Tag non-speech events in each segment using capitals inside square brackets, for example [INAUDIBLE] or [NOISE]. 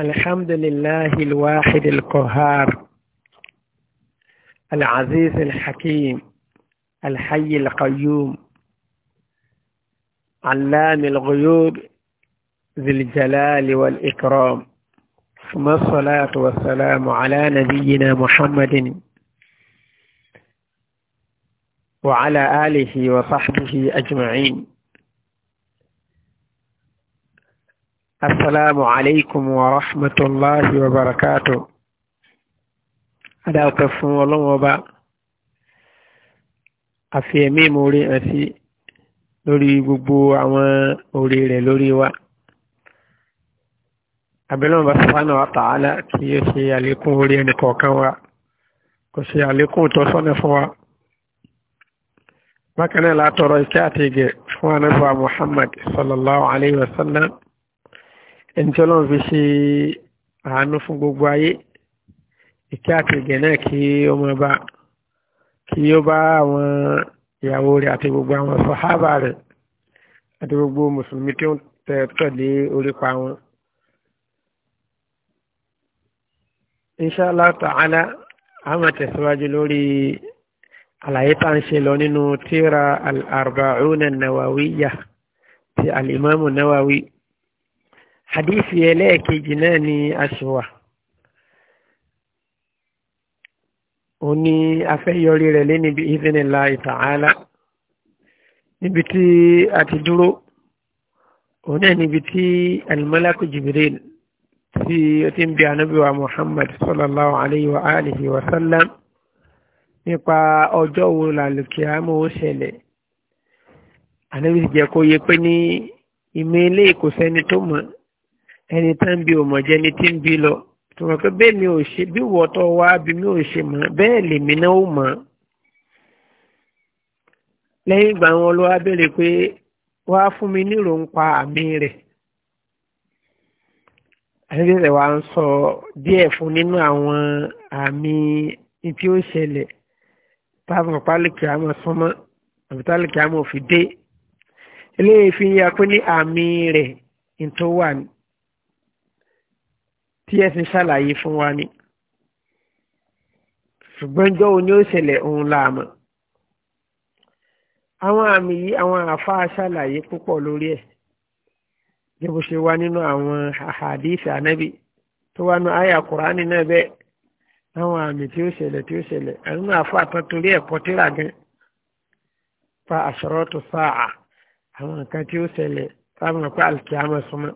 الحمد لله الواحد القهار العزيز الحكيم الحي القيوم علام الغيوب ذي الجلال والإكرام ثم الصلاة والسلام على نبينا محمد وعلى آله وصحبه أجمعين Assalamu alaikum wa rahmatullahi wa barakatuh. Adáwọ̀pẹ́ fún ọlọ́wọ́ bá, a fi ẹ̀mí ìmòrí àti lórí gbogbo àwọn orí rẹ̀ lórí wa. Abẹ́lọ́wọ́ bá subhanahu wa ta'ala kí yóò ṣe àlékún orí ẹnì kọ̀ọ̀kan wa, kò ṣe àlékún ìtọ́sọ́nà fún wa. Bákan náà látọrọ ìkẹ́ àti ìgẹ̀ fún ànábì Muhammad sallallahu alaihi wa sallam ẹni tí ọlọ́run fi ṣe àánú fún gbogbo ayé ìkẹ́ àti ìgẹ̀ náà kí ọmọ bá kí ó bá àwọn ìyàwó rẹ̀ àti gbogbo àwọn sọ̀hábà rẹ̀ àti gbogbo mùsùlùmí tí ó ń tẹ̀lé orípa wọn. inshallah ta'ala a máa tẹ̀síwájú lórí àlàyé tá à ń ṣe lọ nínú tírà al-arba'una nawawiyya ti al-imamu hadisi ẹlẹ́ẹ̀kejì náà ni aṣọwà ó ní afẹ́yọrí rẹ̀ lé níbi ìfẹ́nìlá ta'ala níbi tí a ti dúró ó náà níbi tí alimọ́lákù jibril tí ó ti ń bí anábíwa muhammad sallallahu alayhi wa alihi wa sallam nípa ọjọ́ wo làlùkì àmọ́ ó ṣẹlẹ̀ anábísì jẹ́ kó yẹ pé ní ìmẹ́lẹ́ kò tó mọ̀ ẹni tán bí ò mọ̀ jẹ́ ni tí ń bí lọ tọmọ pé bẹ́ẹ̀ mi ò ṣe bí wọ́tọ̀ wá bí mi ò ṣe mọ̀ bẹ́ẹ̀ lèmi náà ó mọ̀ lẹ́yìn ìgbà wọn ló wá béèrè pé wá fún mi nírò ń pa àmì rẹ̀ àtẹ̀tẹ̀ wa ń sọ díẹ̀ fún nínú àwọn àmì ibi ó ṣẹlẹ̀ táwọn pálíkì àmọ̀ súnmọ́ àbí pálíkì àmọ̀ fi dé eléyìí fi ń ya pé ní àmì rẹ̀ ń tó wà ní tí ẹ̀sìn ṣàlàyé fún wa ni ṣùgbọ́n jọ́ òní ó ṣẹlẹ̀ òun láàmú àwọn àmì yìí àwọn àfáà ṣàlàyé púpọ̀ lórí ẹ̀ bí mo ṣe wá nínú àwọn àhàdíìsì ànábì tó wá nu àyà kùránì náà bẹ́ẹ̀ àwọn àmì tí ó ṣẹlẹ̀ tí ó ṣẹlẹ̀ àwọn àfáà tán torí ẹ̀kọ́ tíra gan fa àṣọrọ́tò sáà àwọn nǹkan tí ó ṣẹlẹ̀ táwọn ọ̀pẹ́ àlùkìyàmọ̀ súnmọ́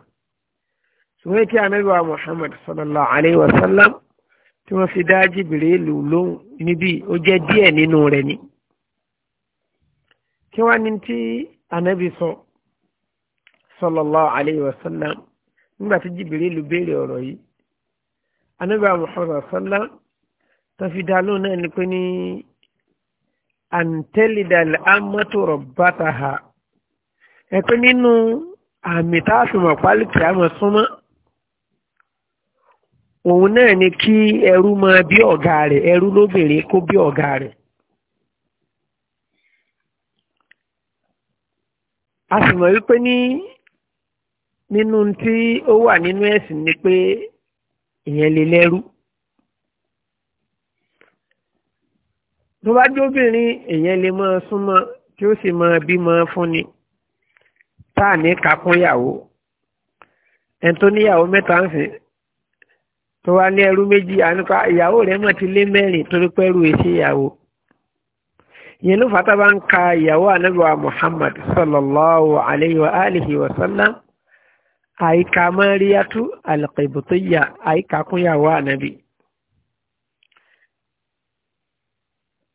ṣùgbọ́n kí ànábì wa Muhammad sallallahu alayhi wa sallam tí wọ́n fi dá Jibrilu lóhùn níbí ó jẹ́ díẹ̀ nínú rẹ̀ ni kí wá ní tí ànábì sọ sallallahu alayhi wa sallam nígbà tí Jibrilu béèrè ọ̀rọ̀ yìí ànábì wa Muhammad sallam tó fi dá lóhùn náà ni pé ní àǹtẹ́lìdà l'ámọ́tò rabbataha ẹ̀pẹ́ nínú àmì táàfin mọ̀pálì kìí àmọ̀ súnmọ́ òun náà ni kí ẹrú máa bí ọ̀gá rẹ̀ ẹrú lóbìnrin kó bí ọ̀gá rẹ̀. a sì mọ̀ wípé ní nínú tí ó wà nínú ẹ̀sìn ni pé ìyẹn lè lẹ́rú. tó bá jẹ́ obìnrin èèyàn lè máa súnmọ́ tí ó sì máa bímọ fúnni tá à ní kakúnyàwó ẹni tó níyàwó mẹ́ta ń sìn tó wá ní ẹrú méjì ànípa ìyàwó rẹ̀ mọ̀ ti lé mẹ́rin torí pẹ́rù èsì ìyàwó ìyẹn ló fàtà bá ń ka ìyàwó anábìwá Muhammad sallallahu alayhi wa alihi wa sallam àyíká mọ́ríyàtú alqibutiyya àyíká kúnyàwó anábì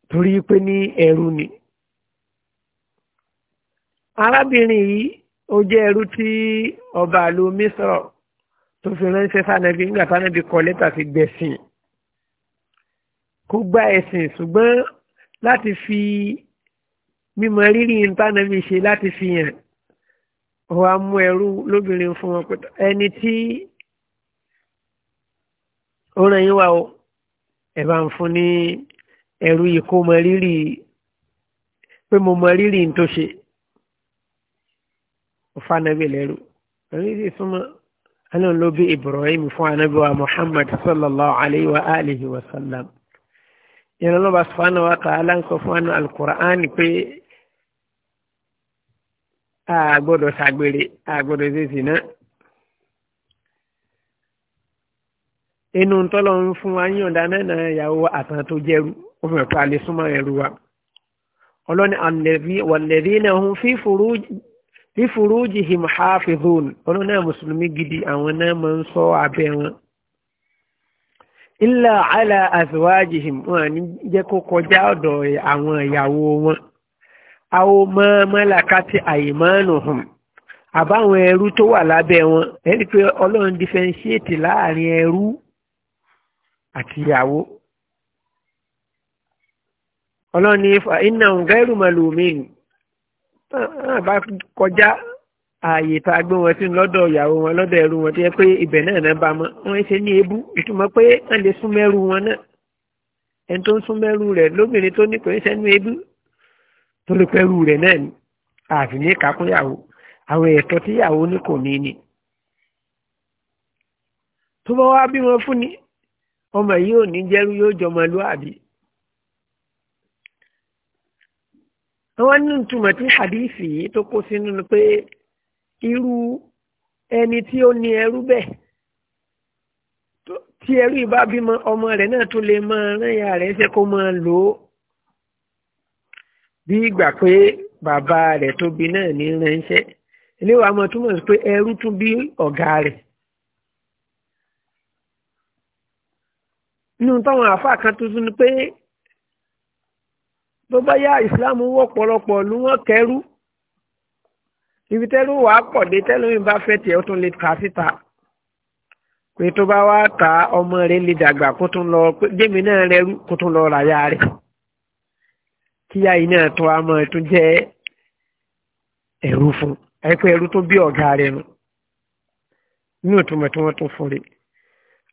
torí pé ní ẹrú ni arábìnrin yìí ó jẹ́ ẹrú tí ọba àlú mísọ̀rọ̀ tó fi ránṣẹ́ sànẹ́bí nígbà sànẹ́bí kọ lẹ́tà sí gbẹ̀sìn kó gba ẹ̀sìn ṣùgbọ́n láti fi mímọ rírì ìntánẹ́bí ṣe láti fi hàn wàá mú ẹrú lóbìnrin fún wọn pẹ̀tọ́ ẹni tí ó ràn yín wá o ẹ̀ bá ń fún ní ẹrú yìí mọ rírì pé mo mọ rírì ń tó ṣe ọ̀fànẹ́bí lẹ́rú ẹ̀rí sì súnmọ́ ẹlọ́n ló bí Ibrahim fún anábíwá Muhammad sallallahu alayhi wa alihi wa sallam ìran ló bá sọ́nà wa ta'ala ń sọ fún àná alukur'ani pé a gbọ́dọ̀ ṣàgbèrè a gbọ́dọ̀ ṣe zina inú tọ́lọ̀ ń fún wa yọ̀ǹda náà ìyàwó àtàn tó jẹ́rú ó fẹ́ pa alẹ́ súnmọ́ ẹrú wa ọlọ́ni alladhina hum fi furuj ní furujihim hafizun ọ̀nà náà mùsùlùmí gidi awọn náà máa ń sọ abẹ́ wọn illa ala azwajihim wọn ní jẹ́ kó kọjá ọ̀dọ̀ àwọn ìyàwó wọn awo mọ́ mọ́làkàtì aymanuhum àbáwọn ẹrú tó wà lábẹ́ wọn ẹni pé ọlọ́run laarin eru ati yawo ọlọ́run ní fa innahum ghayru malumin Ah, bá kọjá ààyè tá a gbé wọn sí lọ́dọ̀ ìyàwó wọn lọ́dọ̀ ẹrú wọn tó yẹ pé ibẹ̀ náà náà bá mọ́ wọ́n ṣe ní ebú ìtumọ̀ pé wọ́n lè sún mẹ́rù wọn náà ẹni tó ń sún mẹ́rù rẹ̀ lóbìnrin tó ní kò ń sẹ́nu ebú tó lè pẹ́rù rẹ̀ náà ni àfi ní kakúnyàwó àwọn ẹ̀tọ́ tíyàwó ní kò ní ni. tó bá wá bímọ fún ni ọmọ yìí ò ní jẹ́rú yóò jọmọ lúàbí wọ́n ní ìtumọ̀ tí hadisi yìí tó kó sínú ni pé irú ẹni tí ó ní ẹrú bẹ́ẹ̀ tí ẹrú ìbá bímọ ọmọ rẹ̀ náà tún lè máa rán ìyá rẹ̀ ṣe kó máa lò ó bí ìgbà pé bàbá rẹ̀ tó bí náà ní ránṣẹ́ eléwà máa túmọ̀ sí pé ẹrú tún bí ọ̀gá rẹ̀. nínú táwọn àáfàá kan tuntun ni pé tó bá yá ìsìláàmù wọ́ pọ̀lọpọ̀ ló wọ́n kẹrú ibi tẹ́lú wà á pọ̀ dé tẹ́lú mi bá fẹ́ tiẹ̀ ó tún lè kà síta pé tó bá wá ta ọmọ rẹ̀ lè dàgbà kó tún lọ pé jẹ́mi náà rẹrú kó tún lọ ràyà rẹ̀ kíyà yìí náà tó a mọ̀ tún jẹ́ ẹ̀rú fún ẹ̀pẹ́ ẹ̀rú tó bí ọ̀gá rẹ̀ nù nínú ìtumọ̀ tí wọ́n tún fún rẹ̀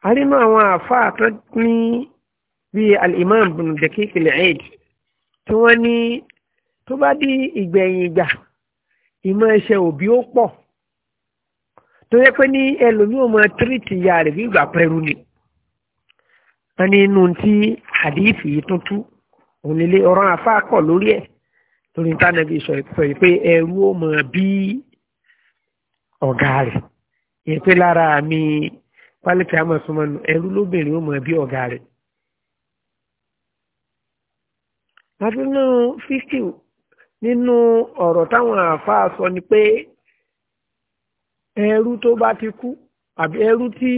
a rí nínú àwọn àfáà tó ní bíi al-imam bin eid tí wọ́n ní tó bá di ìgbẹ̀yìn ìgbà ìmọ̀ ẹsẹ̀ òbí ó pọ̀ tó yẹ pé ní ẹlòmíì ò mọ tírìtì ìyá rẹ̀ bí ìgbà pẹ̀rù ni wọ́n ní inú tí àdìsí yìí tún tú òun lè ọ̀rọ̀ àfa kọ̀ lórí ẹ̀ lórí tánàbí sọ pé ẹrú ó mọ bí ọ̀gá rẹ̀ èyí lára mi pálíkì àmọ̀ súnmọ́nu ẹrú lóbìnrin ó mọ bí ọ̀gá rẹ̀. àti nínú fíkì nínú ọ̀rọ̀ táwọn àáfàá sọ ni pé ẹrú tó bá ti kú àbí ẹrú tí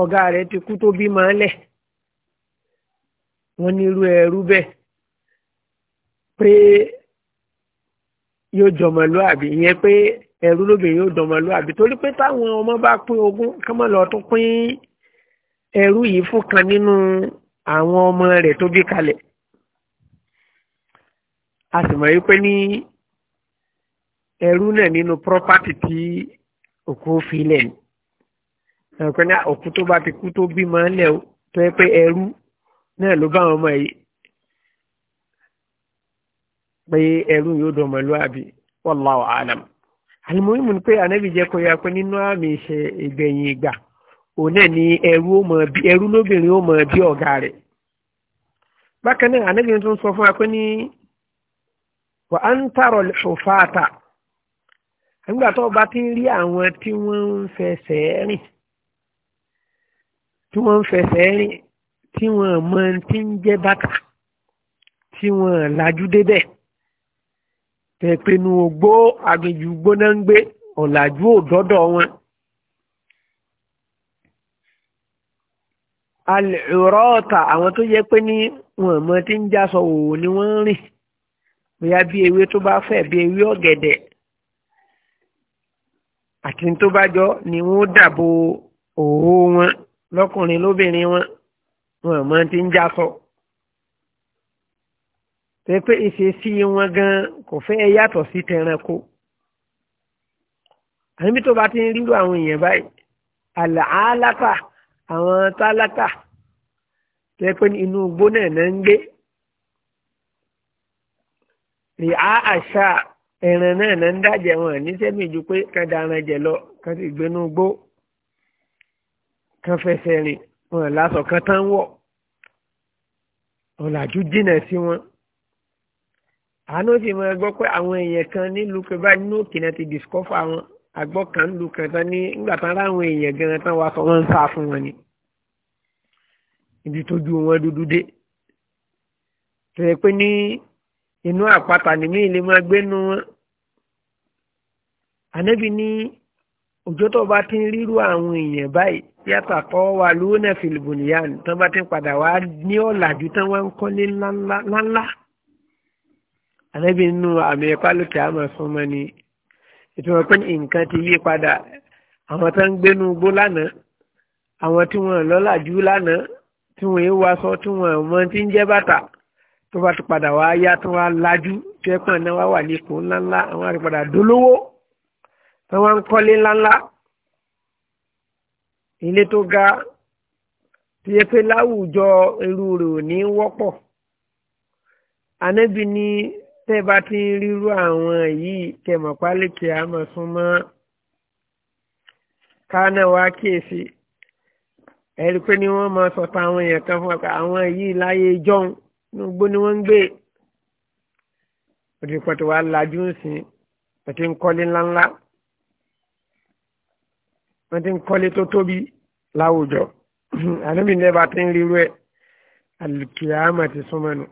ọ̀gá rẹ̀ ti kú tó bí máa lẹ̀ wọ́n ní irú ẹrú bẹ́ẹ̀ pé yóò jọmọlúàbí ìyẹn pé ẹrú lóbìnrin yóò jọmọlúàbí torí pé táwọn ọmọ bá pín ogún kọ́mọ́ lọ tún pín ẹrú yìí fún kan nínú àwọn ọmọ rẹ̀ tó bí kalẹ̀ a sì mọ̀ wípé ní ẹrú náà nínú property tí òkú fi lẹ̀ ní ẹ̀kọ́ ní òkú tó bá ti kú tó bímọ ńlẹ̀ tó yẹ pé ẹrú náà ló bá àwọn ọmọ yìí pé ẹrú yóò dọ̀mọ̀ lóàbí wallahu alam alimoyimu ni pé anabi jẹ́ kó yá pé nínú àmì ìṣe ìgbẹ̀yìn ìgbà òun náà ni ẹrú lóbìnrin ó mọ bí ọ̀gá rẹ̀ bákan náà anabi tún sọ fún wa pé ní wà á ń tààrọ̀ ṣòfàtà nígbà tó bá ti rí àwọn tí wọ́n ń fẹsẹ̀ rìn tí wọ́n ń fẹsẹ̀ rìn tí wọ́n mọ ti ń jẹ́ bàtà tí wọ́n lajú débẹ̀ tẹ̀pẹ̀nu ògbó agbèjú gbóná ń gbé ọ̀làjú òdọ́dọ̀ wọn. alìrọ́ọ̀tà àwọn tó yẹ pé ní wọ́n mọ ti ń jásọ òwò ni wọ́n ń rìn bóyá bí ewé tó bá fẹ̀ bí ewé ọ̀gẹ̀dẹ̀ àti tó bá jọ ni wọ́n dàbò òwò wọn lọ́kùnrin lóbìnrin wọn wọn àmọ́ ti ń já sọ. pépé ìṣesí wọn gan kò fẹ́ yàtọ̀ sí tẹranko. àbí tó bá ti ń rírò àwọn èèyàn báyìí àlàálàkà àwọn tálákà pépé inú igbó náà náà ń gbé rìá àṣà ẹran náà náà ń dàjẹ́ wọn níṣẹ́ mi ju pé kan daran jẹ lọ kan sì gbénú gbó kan fẹsẹ̀ rìn wọn lásọ kan tán wọ̀ ọ̀làjú jìnà sí wọn àánú sì máa gbọ́ pé àwọn èèyàn kan nílùú pé báyìí nínú òkè náà ti discover àwọn àgbọ̀ kan ń lu ní nígbà tán láwọn èèyàn gan tán wá sọ wọ́n ń sá fún wọn ni ibi tójú wọn dúdú dé tó pé ní inú àpáta nìmí ilé máa gbénu wọn ànábì ní òjò tó bá ti ń rírú àwọn èèyàn báyìí yàtọ̀ àkọ́ wa lónà filibuniyan tó bá ti ń padà wá ní ọ̀làjú tán wá ń kọ́lé ńláńlá ànábì nínú àmì ẹ̀pá lókè àmọ̀ fún ọmọ ni ìtumọ̀ pé nǹkan ti yí padà àwọn tó ń gbénu gbó lánàá àwọn tí wọ́n lọ́làjú lánàá tí wọ́n èé waṣọ tí wọ́n mọ ti ń jẹ́ bàtà tó bá ti padà wá yá tó wá lajú tó yẹ pé àná wá wà ní ipò ńláńlá àwọn àrípadà dolówó tó wá ń kọ́lé ńláńlá ilé tó ga tó yẹ pé láwùjọ irú rẹ̀ ò ní wọ́pọ̀ ànábì ni tẹ́ bá ti ń rírú àwọn yìí kẹmọ̀ pálékè àmọ̀ súnmọ́ kánà wá kíyèsí ẹ̀rí pé ni wọ́n máa sọ̀tọ̀ àwọn èèyàn kan fún wa àwọn yìí láyé jọ́hún inú igbó ni wọ́n ń gbé òdì pọ̀tù wa lajú ń sìn wọ́n ti ń kọ́lé ńláńlá wọ́n ti ń kọ́lé tó tóbi láwùjọ [CLEARS THROAT] ànábì ní ẹ̀bà tí ń rí irú ẹ̀ alìkìyàmà ti súnmọ́ nù.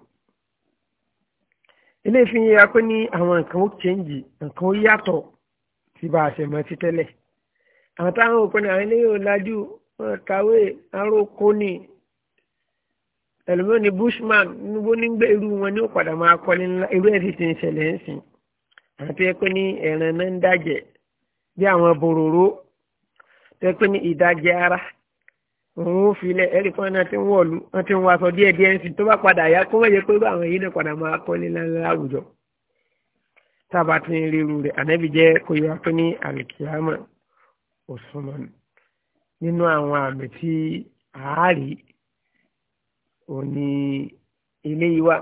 ilé ìfihàn yẹra pé ní àwọn nǹkan ó chẹ́ǹjì nǹkan ó yàtọ̀ sí bá a ṣe mọ́ sí tẹ́lẹ̀ àwọn táwọn òpin àwọn ilé yóò lajú wọn kàwé arókó ni ẹlòmí ni bushman níbo ní gbé irú wọn ní ó padà máa kọ́lé ńlá irú ẹ̀ sì ti ń ṣẹlẹ̀ ń sìn àti ẹ pé ní ẹ̀ràn náà ń dàjẹ́ bí àwọn bòròró tẹ pé ní ìdajì ara òun ò filẹ̀ ẹ̀rí kan náà ti ń wọ̀lú wọ́n ti ń wọ aṣọ díẹ̀ díẹ̀ ń sìn tó bá padà yá kó wọ́n yẹ pé àwọn èyí náà padà máa kọ́lé ńlá àwùjọ tába ti ń ríru rẹ̀ ànábì jẹ́ kó òní ilé ìwà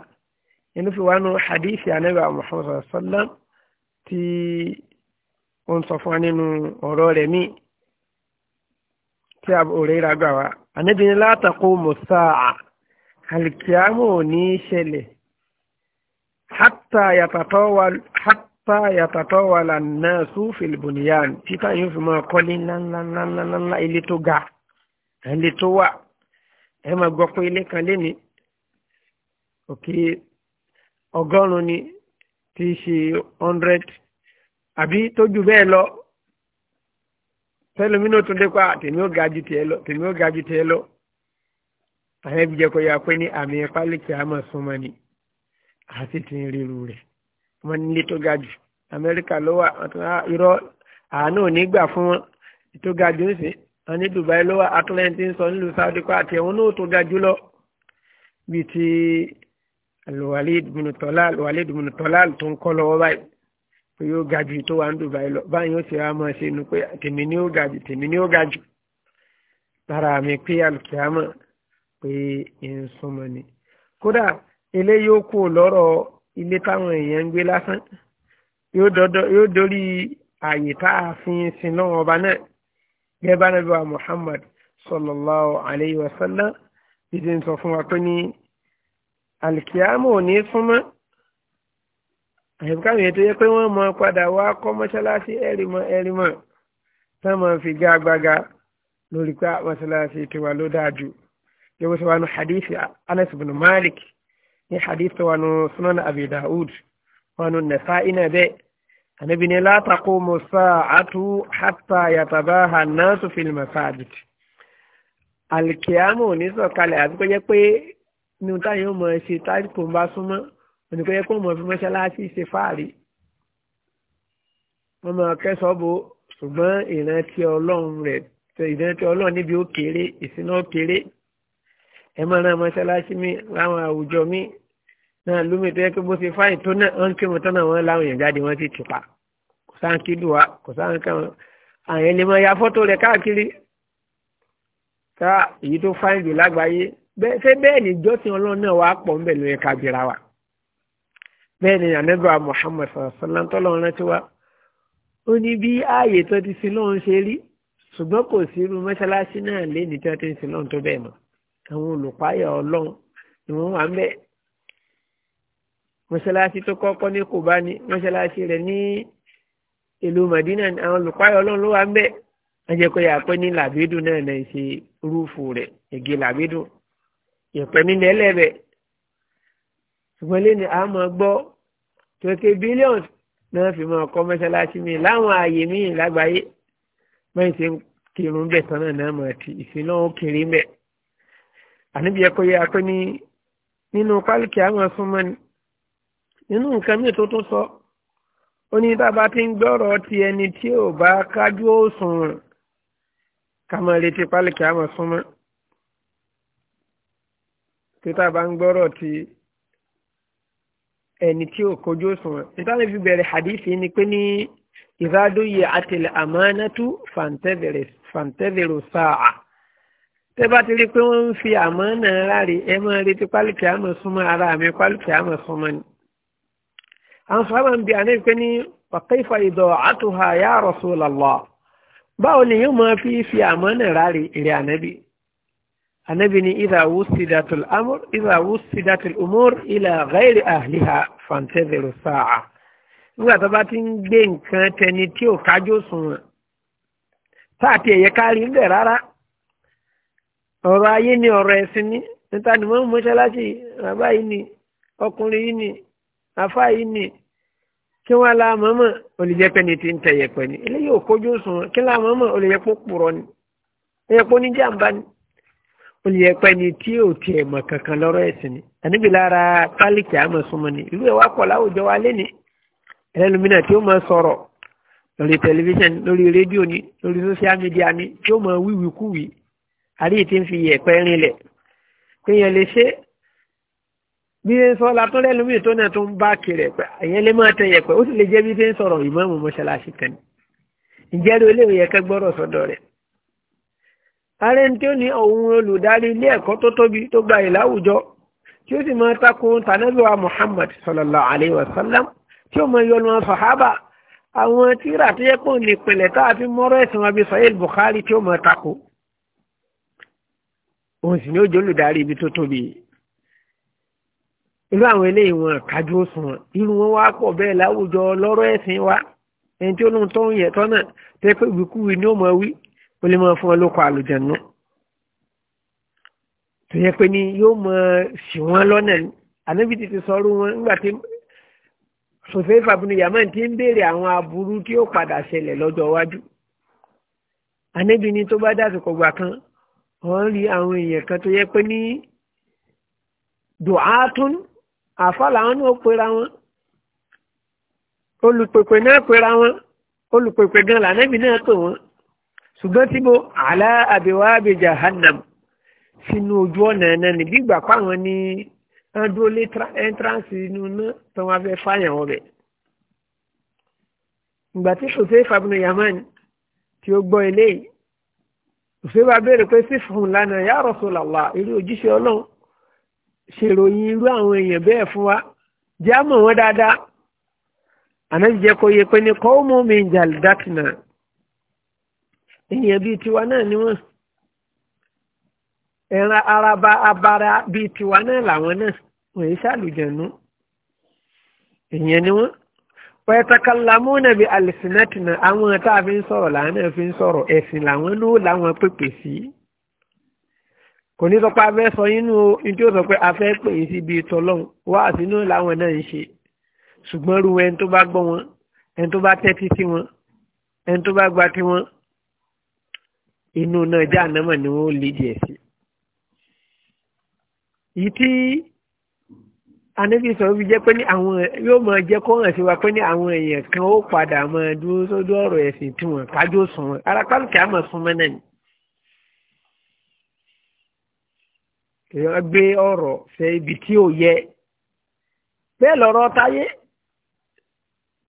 inú fi wánú hadithi anabi muhammad sallam tí ó ń sọ fún wa nínú ọ̀rọ̀ rẹ̀ mí tí a ò rẹ́ra gbà wá anabi ní la taqumu sa'a alikiamu ò ní ṣẹlẹ̀ hatta yatatawal hatta yatatawala an-nasu fil yóò fi máa kọ́lé ńláńláńláńlá ilé tó ga ilé tó wà ẹ máa gbọ́ pé ilé kan léni òkè ọgọ́rùn-ún ni tí í ṣe hundred àbí tó jù bẹ́ẹ̀ lọ tẹlifí náà tún dé pa tèmi ó ga ju tiẹ̀ lọ tèmi ó ga ju tiẹ̀ lọ àwọn ẹbí jẹ́ kó yà pé ní àmì ìpálẹ̀kì àmọ̀ súnmọ́ ni àti ti ń ríru rẹ̀ wọ́n nílé tó ga jù Amẹ́ríkà ló wà irọ́ àánú ò ní gbà fún wọn tó ga jù ń sìn ani ní Dubai ló wà Atlanta ń sọ nílùú Saudi kó àti ẹ̀wọ̀n náà tó ga jùlọ bíi ti Al-Walid bin Talal Al-Walid bin Talal tó ń kọ́ lọ́wọ́ báyìí pé yóò ga jù tó wà ní Dubai lọ báyìí ó ti wá máa ṣe nu pé tèmi ni ó ga jù tèmi ni ó ga jù lára mi pé alùkìámọ̀ pé ń súnmọ́ ni kódà eléyìí ó kú lọ́rọ̀ ilé táwọn èèyàn ń gbé lásán yóò dorí àyè tá a fi sin lọ́wọ́ ọba náà gẹ́gẹ́ bá nàbí wa Muhammad sallallahu alayhi wa sallam dídí ń sọ fún wa pé ní alikiyama ò ní súnmọ́ àyíká yẹn tó yẹ pé wọ́n mọ padà wá kọ́ mọ́ṣáláṣí ẹ̀rìmọ́ ẹ̀rìmọ́ tá máa fi gá agbága lórí pé mọ́ṣáláṣí tiwa ló dáa jù yóò sọ wà nù hadith Anas bin Malik ní hadith tó wà nù sunan Abi wà nù Nasa'i náà bẹ́ẹ̀ ànábì ní la taqumu sa'atu hatta yatabaha an-nasu fil masajid alikiamu ní sọ̀kalẹ̀ àbí kó jẹ́ pé ní o táyà mọ̀ ẹ́ ṣe táyà kò ń bá súnmọ́ òní kó jẹ́ pé mọ̀ fi mọ́ṣáláṣí ṣe fáàrí wọ́n máa kẹ́sọ́ bo ṣùgbọ́n ìrántí ọlọ́run rẹ̀ ìrántí ọlọ́run níbi ó kéré ìsìn náà kéré ẹ máa rán mọ́ṣáláṣí mi láwọn àwùjọ mi náà lómi tó yẹ pé bó ṣe fáyìn tó náà wọ́n ń kírun tán náà wọ́n láwọn èèyàn jáde wọ́n ti tìpa kò sáà kí lù wá kò sáà kàn àyẹn lè máa ya fọ́tò rẹ̀ káàkiri ká èyí tó fáyìn jù lágbàáyé ṣé bẹ́ẹ̀ ni jọ́sìn ọlọ́run náà wàá pọ̀ ńbẹ̀ lóye kábíra wa bẹ́ẹ̀ ni ànágbà Muhammad sallallahu tọ́lọ́run rántí wa ó ní bí ààyè tó ti sin lọ́run ṣe rí ṣùgbọ́n kò sí irú mọ́ṣáláṣí náà lé ní mọ́ṣáláṣí tó kọ́kọ́ ní Kùbá ni mọ́ṣáláṣí rẹ̀ ní ìlú Madina ni àwọn olùpáyọ̀ ọlọ́run ló wà ń bẹ̀ wọ́n jẹ́ kó yà pé ní làbídùn náà náà ṣe rúùfù rẹ̀ ègé làbídùn ìpẹ́ nílẹ̀ lẹ́bẹ̀ ṣùgbọ́n lé ní àmọ́ gbọ́ twenty billion náà fi máa kọ́ mọ́ṣáláṣí mi láwọn ààyè míì lágbàáyé báyìí ṣe ń kírun bẹ̀ tán náà náà mọ̀ ti ìsìn náà nínú nǹkan míì tó tún sọ ó ní tá a bá ti ń gbọ́rọ̀ ti ẹni tí ò bá kájú òṣùwọ̀n ká máa retí pálíkì àmọ̀ súnmọ́ tí bá ń gbọ́rọ̀ ti ẹni tí ò kojú òṣùwọ̀n nítorí fi bẹ̀rẹ̀ hadithi ni pé ní ìdádóye àtẹlẹ àmánátú fàǹtẹ́bẹ̀rẹ̀ sáà tẹ́ bá ti rí pé wọ́n ń fi àmánà ráre ẹ máa retí pálíkì àmọ̀ súnmọ́ ara mi pálíkì àmọ̀ súnmọ́ ni àwọn sábà ń bi ànábì pé ní wàkẹ́fà ìdọ̀ àtúhà yá Rasulullah báwo ni yóò máa fi fi àmánà ráre èrè ànábì ànábì ni idha wusidatul amr idha wusidatul umur ila ghairi ahliha fantaziru sa'a nígbà tó bá ti ń gbé nǹkan tẹni tí ò kájú sùn wọn táàtì ẹ̀yẹ kárí ń bẹ̀ rárá ọ̀rọ̀ ayé ni ọ̀rọ̀ ẹ̀sìn ni níta ni wọ́n mú mọ́ṣáláṣí bàbá yìí ni ọkùnrin yìí ni àfa yìí ni kí wọ́n la mọ́mọ́ olùjẹ́pẹ́ ni ti ń tẹ̀ yẹpẹ́ ni eléyìí ò kójú sùn kí la mọ́mọ́ olùjẹ́pẹ́ purọ́ ni olùjẹ́pẹ́ oníjàmbá ni olùyẹpẹ ni tí ò tiẹ̀ mọ̀ kankan lọ́rọ̀ ẹ̀sìn ni àníbi lára pálíkì àmọ̀ ni ìlú ẹ̀ wá pọ̀ láwùjọ wa lé ní ẹlẹ́lùmínà tí ó máa sọ̀rọ̀ lórí tẹlifíṣàn lórí rédíò ni lórí sósíà mídíà ni tí ó máa wíwì kúwì àríyí tí ń fi yẹ̀pẹ̀ rinlẹ̀ pé lè ṣe bí ṣe ń sọ látọ́ lẹ́lómi tó náà tó ń bá kiri ẹ̀pẹ́ ẹ̀yẹ́ lè máa tẹ̀yẹ̀ pẹ́ ó sì lè jẹ́ bí ṣe ń sọ̀rọ̀ ìmáàmù mọ́ṣáláṣí kan ní ìjẹ́rú ilé ìyẹn kẹ́ gbọ́rọ̀ sọ́dọ̀ rẹ̀. ààrẹ ní tí ó ní òun olùdarí ilé ẹ̀kọ́ tó tóbi tó gba ìláwùjọ tí ó sì máa takò tànábìwá Muhammad sallallahu alayhi wa sallam tí ó máa yọnu sàhábà àwọn tíra tó yẹ pọ̀ nípìnlẹ̀ tá a fi mọ́rọ̀ ẹ̀sìn wọn bí Sahih Bukhari tí ó máa takò òun sì ni ó jẹ́ olùdarí ibi tó tóbi yìí irú àwọn eléyìí wọn kájú òṣùwọ̀n irú wọn wá pọ̀ bẹ́ẹ̀ láwùjọ lọ́rọ̀ ẹ̀sìn wa ẹni tí ó lóun tó ń yẹ tọ́nà tẹ́ pé ìwíkúwì ni ó mọ̀ wí ó lè mọ̀ fún ọ lóko àlùjànnú tó yẹ pé ni yóò mọ̀ sí wọn lọ́nà ni ànábì ti ti sọ̀rọ̀ wọn nígbà tí sòfẹ́ fàbùnú yamani ti ń béèrè àwọn aburú tí ó padà ṣẹlẹ̀ lọ́jọ́ iwájú ànábì ni tó bá dàsìkò gbà kan wọ́n rí àwọn èèyàn kan tó yẹ pé ní dùn áátún àfa làwọn náà pera wọn olùpèpè náà pera wọn olùpèpè gan lànàbì náà pè wọn ṣùgbọ́n tí mo àlá àbẹ̀wá àbẹ̀jà hannam sínú ojú ọ̀nà ẹ̀nà níbí ìgbà páwọn ní ẹ̀dúró lé ẹ̀ńtránsì inú náà tí wọ́n fẹ́ fáyàn wọn bẹ̀. ìgbà tí ṣòṣèfà ibn Yaman tí ó gbọ́ eléyìí ṣòṣèfà béèrè pé sí fún un lánàá ya Rasulullah irú òjíṣẹ́ ọlọ́run ṣèròyìn irú àwọn èèyàn bẹ́ẹ̀ fún wa jẹ́ àmọ̀ wọn dáadáa ànábì jẹ́ kó yẹ pé ní kọ́ mú mi jàlídàtìnà èèyàn bíi tiwa náà ni ẹran araba abara bíi tiwa náà làwọn náà wọ́n yìí ṣàlùjẹ̀nu èèyàn ni wọ́n pẹ̀tàkàlámù nàbí àlìsínàtìnà àwọn tá a fi ń sọ̀rọ̀ làwọn náà fi ń sọ̀rọ̀ ẹ̀sìn làwọn ló làwọn pèpè sí i kò ní sọ pé afẹ́ sọ yín nù o ní tí ó sọ pé afẹ́ pè yín síbi tọlọ́hún wá sínú làwọn náà ń ṣe ṣùgbọ́n ru ẹni tó bá gbọ́ wọn ẹni tó bá tẹ́tí sí wọn ẹni tó bá gba tí wọn inú náà já ànámọ̀ ni wọ́n lè díẹ̀ sí. yìí tí anábì sọ fi jẹ́ pé ní àwọn yóò máa jẹ́ kó hàn sí wa pé ní àwọn èèyàn kan ó padà máa dúró sójú ọ̀rọ̀ ẹ̀sìn tí wọ́n kájú sùn wọn arákàlùkì àmọ̀ súnmọ́ náà ni. èèyàn gbé ọ̀rọ̀ ṣe ibi tí ò yẹ bẹ́ẹ̀ lọ́rọ̀ táyé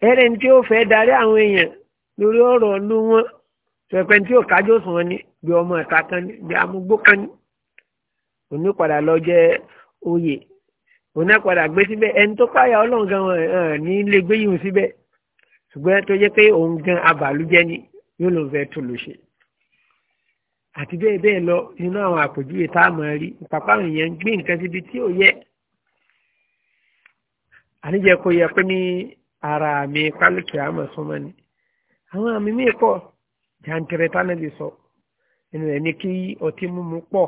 ẹrẹ́ni tí ó fẹ́ darí àwọn èèyàn lórí ọ̀rọ̀ ọ̀nù wọn pẹ̀pẹ́ tí ò kájọ́ sùn wọn ni bí ọmọ ẹ̀ka kan ni bí amúgbó kan ni òní padà lọ jẹ oyè òní padà gbé síbẹ̀ ẹni tó páyà ọlọ́run gan wọn lè gbé yìí síbẹ̀ ṣùgbọ́n tó jẹ́ pé òun gan abàlújẹ́ ni yóò lòun fẹ́ tó lò ṣe àti bẹ́ẹ̀ bẹ́ẹ̀ lọ nínú àwọn àpèjúwe tá a máa rí pàpà àwọn gbé nǹkan síbi tí ò yẹ àníjẹ kò yẹ pé ní ara mi pálíkì àmọ̀ súnmọ́ ni àwọn àmì míì pọ̀ jàǹtẹ̀rẹ̀ tánàbì sọ ẹnu ẹ̀ ní kí ọtí mímu pọ̀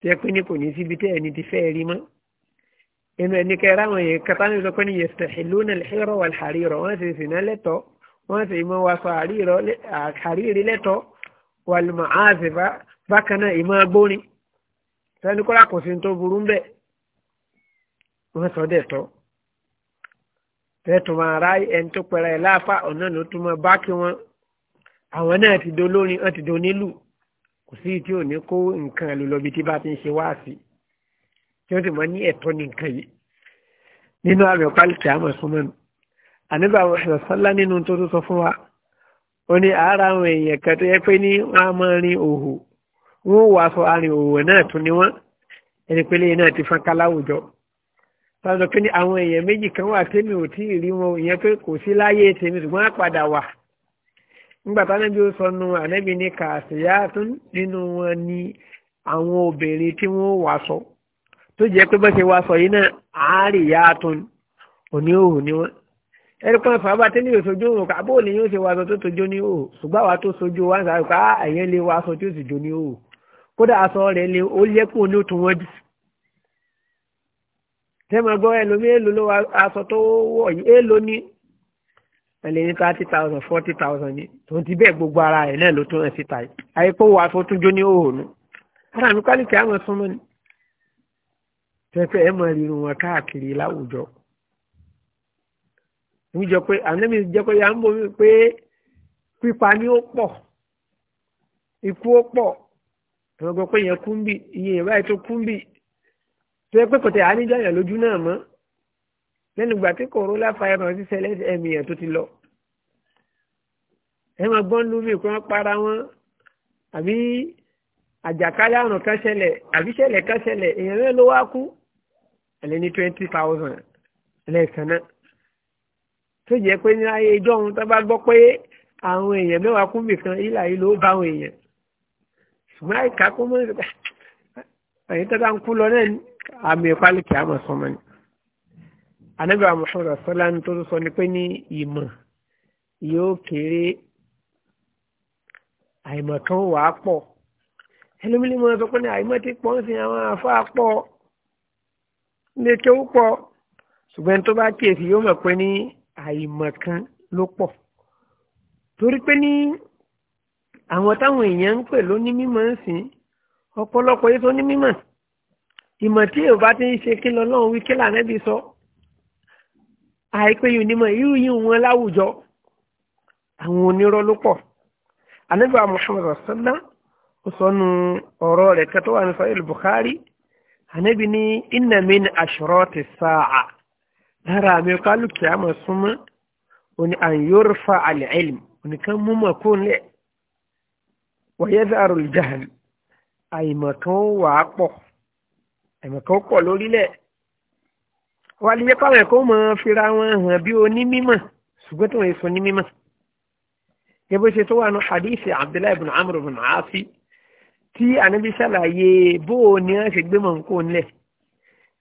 tẹ́ pé ní kò ní síbi tẹ́ ẹni ti fẹ́ rí mọ́ ẹnu ẹ̀ ní kẹ́ ráwọn yẹn kẹta ní sọ ní yastahilluna al-hirra wal-harira wọ́n sì mọ́ wa sọ àríire lẹ́tọ̀ọ́ wàlùmọ̀ áàzì bákan náà ìmọ̀ agbórin sẹ́ni kọ́lá kò sí tó burú ń bẹ̀ wọ́n sọ dẹ̀ tọ́ tẹ́tùmọ̀ ara ẹni tó pẹ̀rẹ̀ ẹ̀ láàfà ọ̀nà ló túmọ̀ bá kí wọ́n àwọn náà ti dolórin wọ́n ti donílù kò sí tí ò ní kó nǹkan lò lọ bí tí bá ti ń ṣe wá sí tí ó sì mọ ní ẹ̀tọ́ ní nǹkan yìí nínú àmì ọ̀pá lìkì àmọ̀ súnmọ́nu àníbà ọ̀sán lá nínú tó tó sọ fún wa onye ara àwọn èèyàn kan tó yẹ pé ní wọ́n á máa rin òhò wọ́n ò wá sọ àrìn òhò náà tún ni wọ́n ẹni pé lẹ́yìn náà ti fọ́n ká láwùjọ sọ́dọ̀ pé ní àwọn èèyàn méjì kan wà tèmi ò tí ì rí wọn ìyẹn pé kò sí láyé tèmi ṣùgbọ́n á padà wà nígbà táwọn ẹbí ó sọnù ni àwọn obìnrin tí sọ tó ẹni kan fà bá tẹ́lẹ̀ sojú òun ká bóòlù yóò ṣe wàṣọ tó sojú ní òò ṣùgbọ́n àwa tó sojú wa ń sáré ká ẹ̀yẹ́ lè wàṣọ tó sì jó ní òò kódà aṣọ rẹ̀ lè ó lékún ní òtún wọn jù. tẹ́mọ̀ gbọ́ ẹlòmí èlò ló wa aṣọ tó wọ̀ yìí èlò ní ẹlẹ́ ní thirty thousand forty thousand ní tòun ti bẹ́ẹ̀ gbogbo ara rẹ̀ náà ló tún ẹ̀ síta yìí àyè pé wàṣọ tó jó ní òò nù. ara mi kálíkì àwọn ń jọ pé ànábì jẹ́ pé ya ń bomi pé pípa ni ó pọ̀ ikú ó pọ̀ àwọn ọgbọ́n pé yẹn kúmbì iye ìwà ètò kúmbì tó yẹ pé kòtẹ́ àníjọ́ yẹn lójú náà mọ́ lẹ́nu ìgbà tí kòró láfa ẹran ṣiṣẹ́ lẹ́sẹ̀ ẹ̀mí yẹn tó ti lọ. ẹ máa gbọ́n lú mi wọ́n para wọn àbí àjàkálẹ̀ àrùn kan ṣẹlẹ̀ àbí ṣẹlẹ̀ kan ṣẹlẹ̀ èèyàn mẹ́rin ló wá kú ẹ̀lẹ́ni twenty thousand lẹ́ẹ̀kan náà tó jẹ́ pé ní ayé ijó ohun tó bá gbọ́ pé àwọn èèyàn mẹ́wàá kú nìkan ìlà yìí ló bá àwọn èèyàn ṣùgbọ́n àìká kó mọ́ nípa ẹ̀yìn tó bá ń kú lọ náà àmì ìpalẹ̀kì àmọ̀ sọmọ ni. anábìá Muhammad sọlá tó sọ ni pé ní ìmọ̀ yóò kéré àìmọ̀ kan wà á pọ̀ ẹlòmílì mọ́ sọ pé ní àìmọ̀ ti pọ̀ ń sin àwọn afọ́ àpọ̀ ní kéwú pọ̀ ṣùgbọ́n tó bá kíyèsí yóò mọ̀ pé ní àìmọ̀kan ló pọ̀ torí pé ní àwọn táwọn èèyàn ń pè lóní mímọ̀ ń sìn ọ̀pọ̀lọpọ̀ yìí tó ní mímọ̀ ìmọ̀ tí yóò bá ti ń ṣe kí lọ́lọ́run wí kí lànẹ́bí sọ àìpé yìí onímọ̀ irú yìí wọn láwùjọ àwọn onírọ́ ló pọ̀ anábíà Muhammad sallá ó sọnù ọ̀rọ̀ rẹ̀ kẹtọ́ wà ní sọ́yìn Bukhari anábì ní inna min ashrati sa'a lára àmì ọkọ̀ alùpùpù àmọ̀ súnmọ́ òní àyòrfa àlẹ́ẹ̀lì nìkan mú mọ̀ kó nílẹ̀ wọ̀yẹ́dà àrùlùjáhàn àìmọ̀kan wà á pọ̀ àìmọ̀kan pọ̀ lórílẹ̀ wà lè yẹpa àwọn ẹ̀kọ́ mọ̀ fira wọn hàn bí onímímọ̀ ṣùgbọ́n tó ń sọ onímímọ̀ gẹ́gẹ́ ṣe tó wà ní hadithi abdullahi ibn amr ibn aasi tí anabi ṣàlàyé bó o ní wọ́n ṣe gbé mọ̀ kó nílẹ̀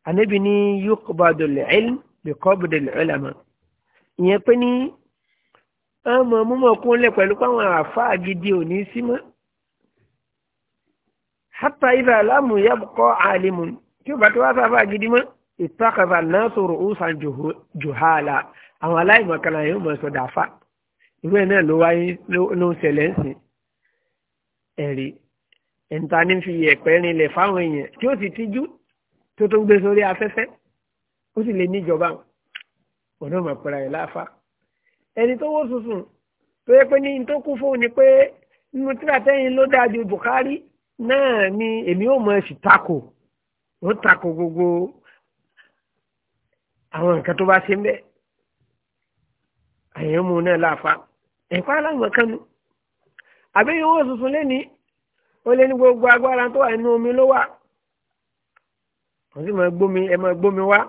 anabi ní yuqbadul ilm bíkọ́bùdé lẹ́lẹ́mọ̀ ìyẹn pé ní ọmọ múmọ̀ kúnlẹ̀ pẹ̀lú pàwọn àfáà gidi ò ní sí mọ́ hátà ibà láàmú yàbùkọ́ àlìmù tí ó bá tó wá sáfà gidi mọ́ ìtàkàfà náà sọ̀rọ̀ òsàn jùhálà àwọn aláìmọ̀kànlá yóò mọ̀ sọ̀dà fà ìwé náà ló wáyé ló ń ṣẹlẹ̀ ń sìn ẹ̀rí ẹ̀ńtà ní fi yẹ̀pẹ̀ rinlẹ̀ fáwọn èèyàn tí ó sì tijú tó tó gbé sórí afẹ́fẹ́ ó sì lè níjọba òun náà máa pera ẹ̀ láfa ẹni tó wó sùsùn tó yẹ pé ní tó kú fóun ni pé nínú tíra ló dáa ju Bukhari náà ni èmi ò mọ ẹ̀sì tako ó tako gbogbo àwọn nǹkan tó bá ṣe ń bẹ́ẹ̀ àyẹ̀ mú náà láfa ẹ̀kọ́ aláwọ̀ kan nu àbí yòówó tuntun lẹ́ni ó lé ní gbogbo agbára tó wà nínú omi ló wà wọ́n sì máa gbómi ẹ máa gbómi wá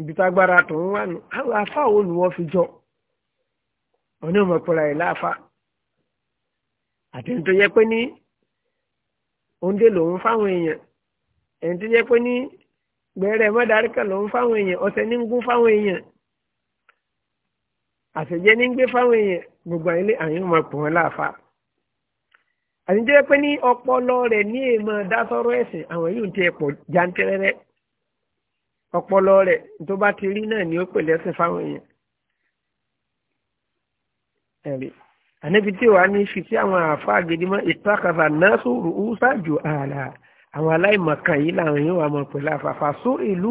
ibi tágbára tó ń wà nù àwọn afá wo ni wọ́n fi jọ òní ò mọ̀ pẹ̀lú àyè láàfá àtẹni tó yẹ pé ní òǹdè lòun fáwọn èèyàn ẹni tó yẹ pé ní gbẹ̀rẹ̀ mọ́dáríkà lòun fáwọn èèyàn ọ̀sẹ̀ ní ń gún fáwọn èèyàn àṣẹjẹ ní ń gbé fáwọn èèyàn gbogbo àyẹlẹ àyẹn máa pọ̀ wọn láàfa àtijọ́ yẹ pé ní ọpọlọ rẹ̀ ní èèmọ̀ dásọ́rọ́ ẹ̀sìn àwọn yìí ń tiẹ̀ pọ̀ jántẹ́rẹ́rẹ́ ọpọlọ rẹ̀ tó bá ti rí náà ni ó pè lẹ́sìn fáwọn èèyàn ẹ̀rí ànábi tí wàá ní fi sí àwọn àfa àgèdìmọ́ ìtàkàfà náà sóòrò ó ṣáàjò ààlà àwọn aláìmọ̀kan yìí làwọn yóò wà mọ̀ pẹ̀lú àfàfà só ìlú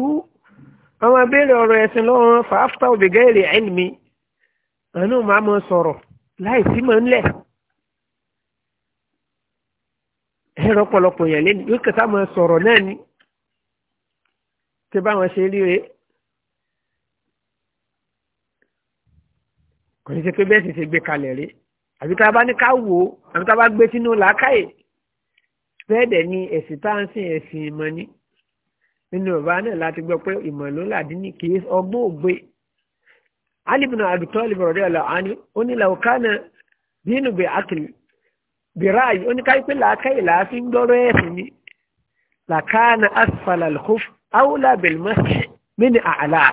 àwọn abéèrè ọ̀rọ̀ ẹ̀sìn lọ́wọ́ fàáfà òbígá èrè ẹ̀nìmí àánú màá mọ̀ sọ̀rọ̀ láì sí mọ̀ ńlẹ̀ ẹ̀rọ pọ̀lọpọ̀ yẹn lẹ́nu yóò kẹta mọ̀ sọ̀rọ̀ náà ni kí báwọn ṣe ríre kò ní ṣe pé bẹ́ẹ̀ sì ṣe gbé kalẹ̀ rí àbí tá a bá ní ká wò ó àbí tá a bá gbé sínú làákàyè bẹ́ẹ̀ dẹ̀ ni ẹ̀sìn tá à ń sìn ẹ̀sìn ìmọ̀ ni nínú ọ̀bá náà láti gbọ́ pé ìmọ̀ ló làdí ní kì í ọgbọ́n ògbé alibuna àdùtọ́ alibọ̀rọ̀dẹ́ ọ̀la àní ó ní làwùkánà bínú bẹ àkìlì bìráàyè ó ní làákàyè làá fi ń gbọ́rọ̀ ẹ̀sìn ni làkánà asfalal aula belmasi mini àlá